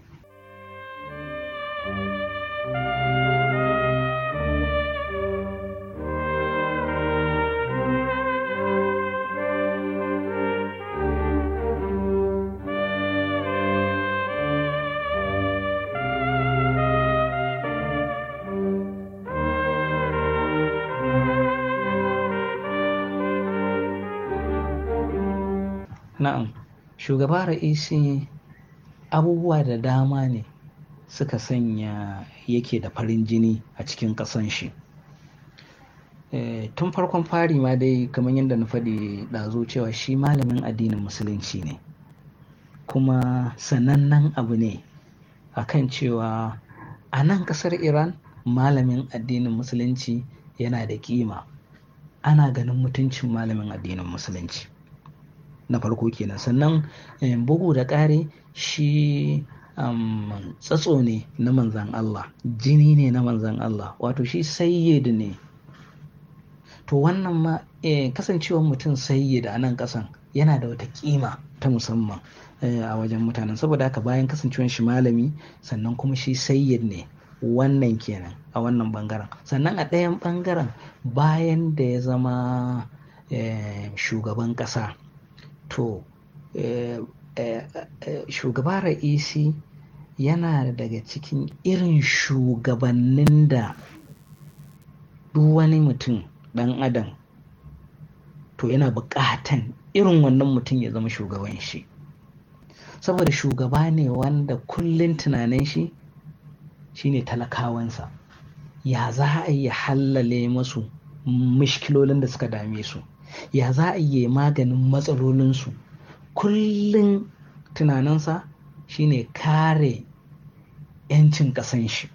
na'am shugaba ra'isi abubuwa da dama ne suka sanya yake da farin jini a cikin ƙasan shi eh, tun farkon fari ma dai kamar yadda na faɗi ɗazu cewa shi malamin addinin musulunci ne kuma sanannen abu ne a kan cewa a nan ƙasar iran malamin addinin musulunci yana da ƙima. ana ganin mutuncin malamin addinin musulunci na farko kenan sannan eh, bugu da ƙari shi tsatso ne na manzan Allah jini ne na manzan Allah wato shi sayyid ne to wannan ma eh, kasancewar mutum sayyid a nan ƙasan yana da wata kima ta musamman eh, a wajen mutanen saboda haka bayan kasancewar shi malami sannan kuma shi sayyid ne wannan kenan a wannan bangaren sannan a ɗayan bangaren bayan da ya zama shugaban ƙasa to eh, eh, eh, shugaba ra'isi yana daga cikin irin shugabannin da duk wani mutum ɗan adam to yana bukatan irin wannan mutum ya zama shugaban shi saboda shugaba ne wanda kullum tunanin shi shine talakawansa ya za a yi hallale masu mishkilolin da suka dame su ya za a yi maganin matsalolinsu kullum tunaninsa shine kare 'yancin ƙasan shi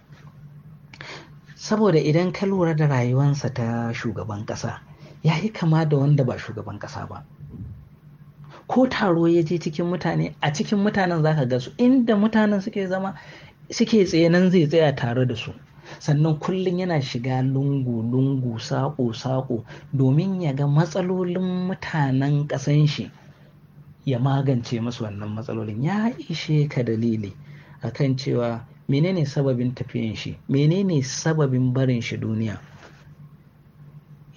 saboda idan ka lura da rayuwansa ta shugaban ƙasa ya yi kama da wanda ba shugaban ƙasa ba ko taro ya je cikin mutane a cikin mutanen zaka ga su inda mutanen suke zama suke tsaye nan zai tsaya tare da su sannan kullum yana shiga lungu-lungu sako-sako, domin ya ga matsalolin mutanen ƙasan shi ya magance masu wannan matsalolin ya ishe ka dalili akan cewa menene sababin tafiyan shi menene sababin barin shi duniya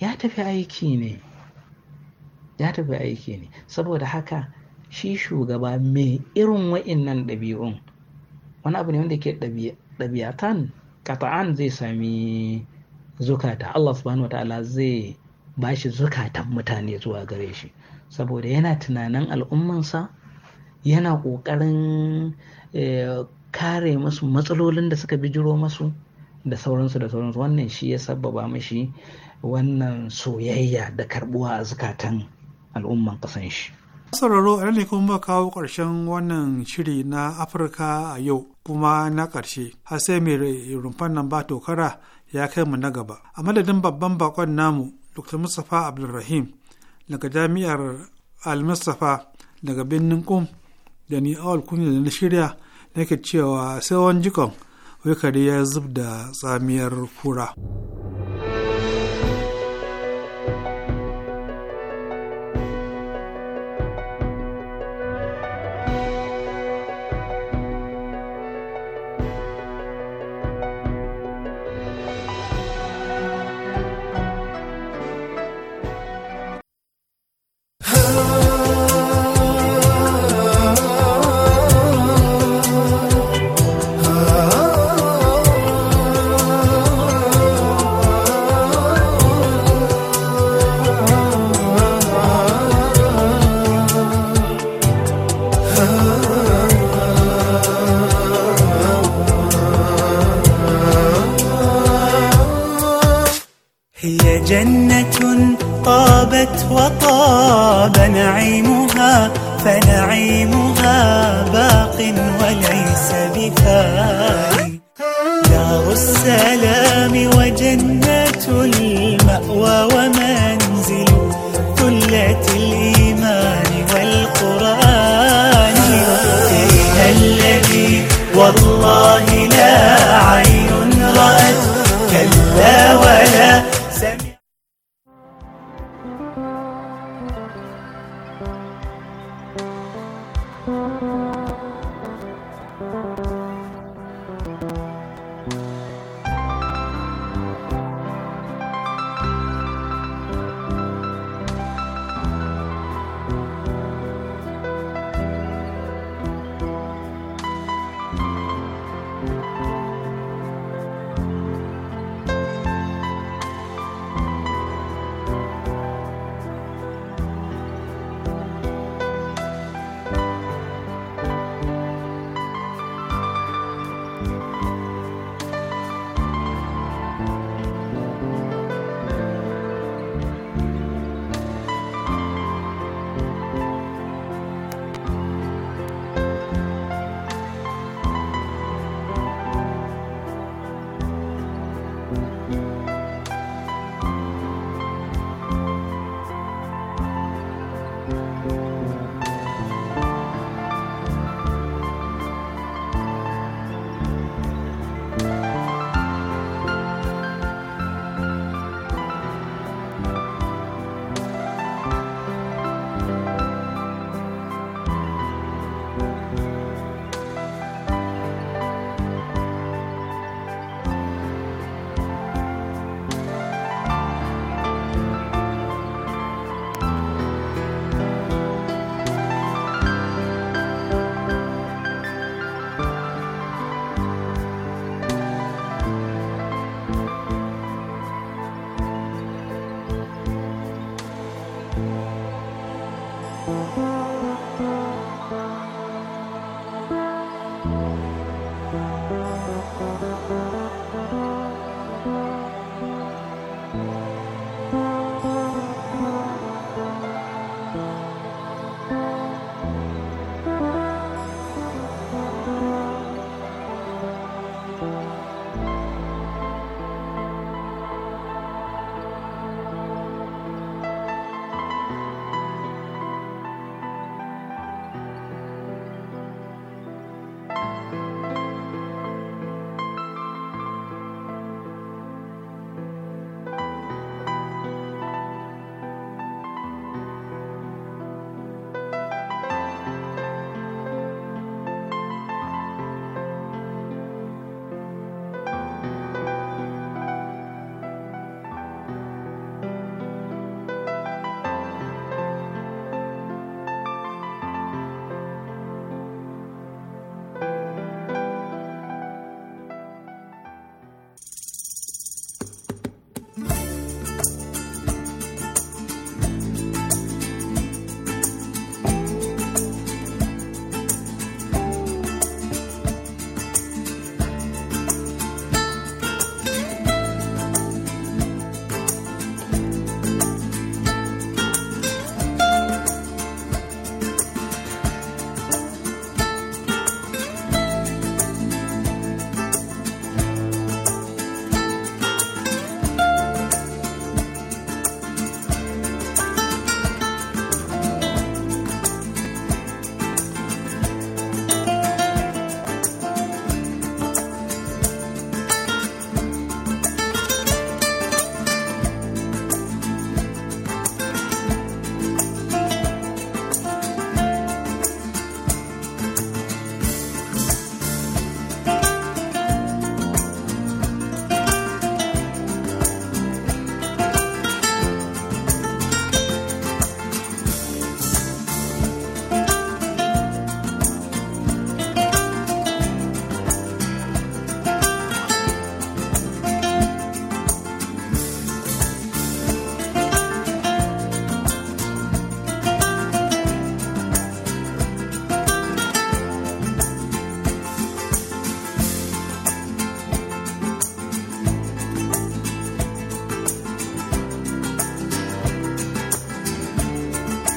ya tafi aiki ne ya tafi aiki ne saboda haka shi shugaba mai irin wa'in nan ɗabi'un wani abu ne wanda ke ɗabi'atan kata'an zai sami zukata Allah subhanahu wa ta'ala zai ba shi zukatan mutane zuwa gare shi saboda yana tunanin al'ummansa yana ƙoƙarin eh, kare masu matsalolin da suka bijiro masu da sauransu da sauransu wannan shi ya sababa mashi wannan soyayya da karbuwa a zukatan al'umman kasan shi. sauraro a ne kuma kawo ƙarshen wannan shiri na afirka a yau kuma na ƙarshe har sai mai rumfan nan ba tokara ya kai mu na gaba a madadin babban bakon namu dr mustapha abdulrahim daga jami'ar al-mustapha daga birnin kum da ni awal kunya da na shirya nake cewa sai wani jikon wai kare ya zub da tsamiyar kura.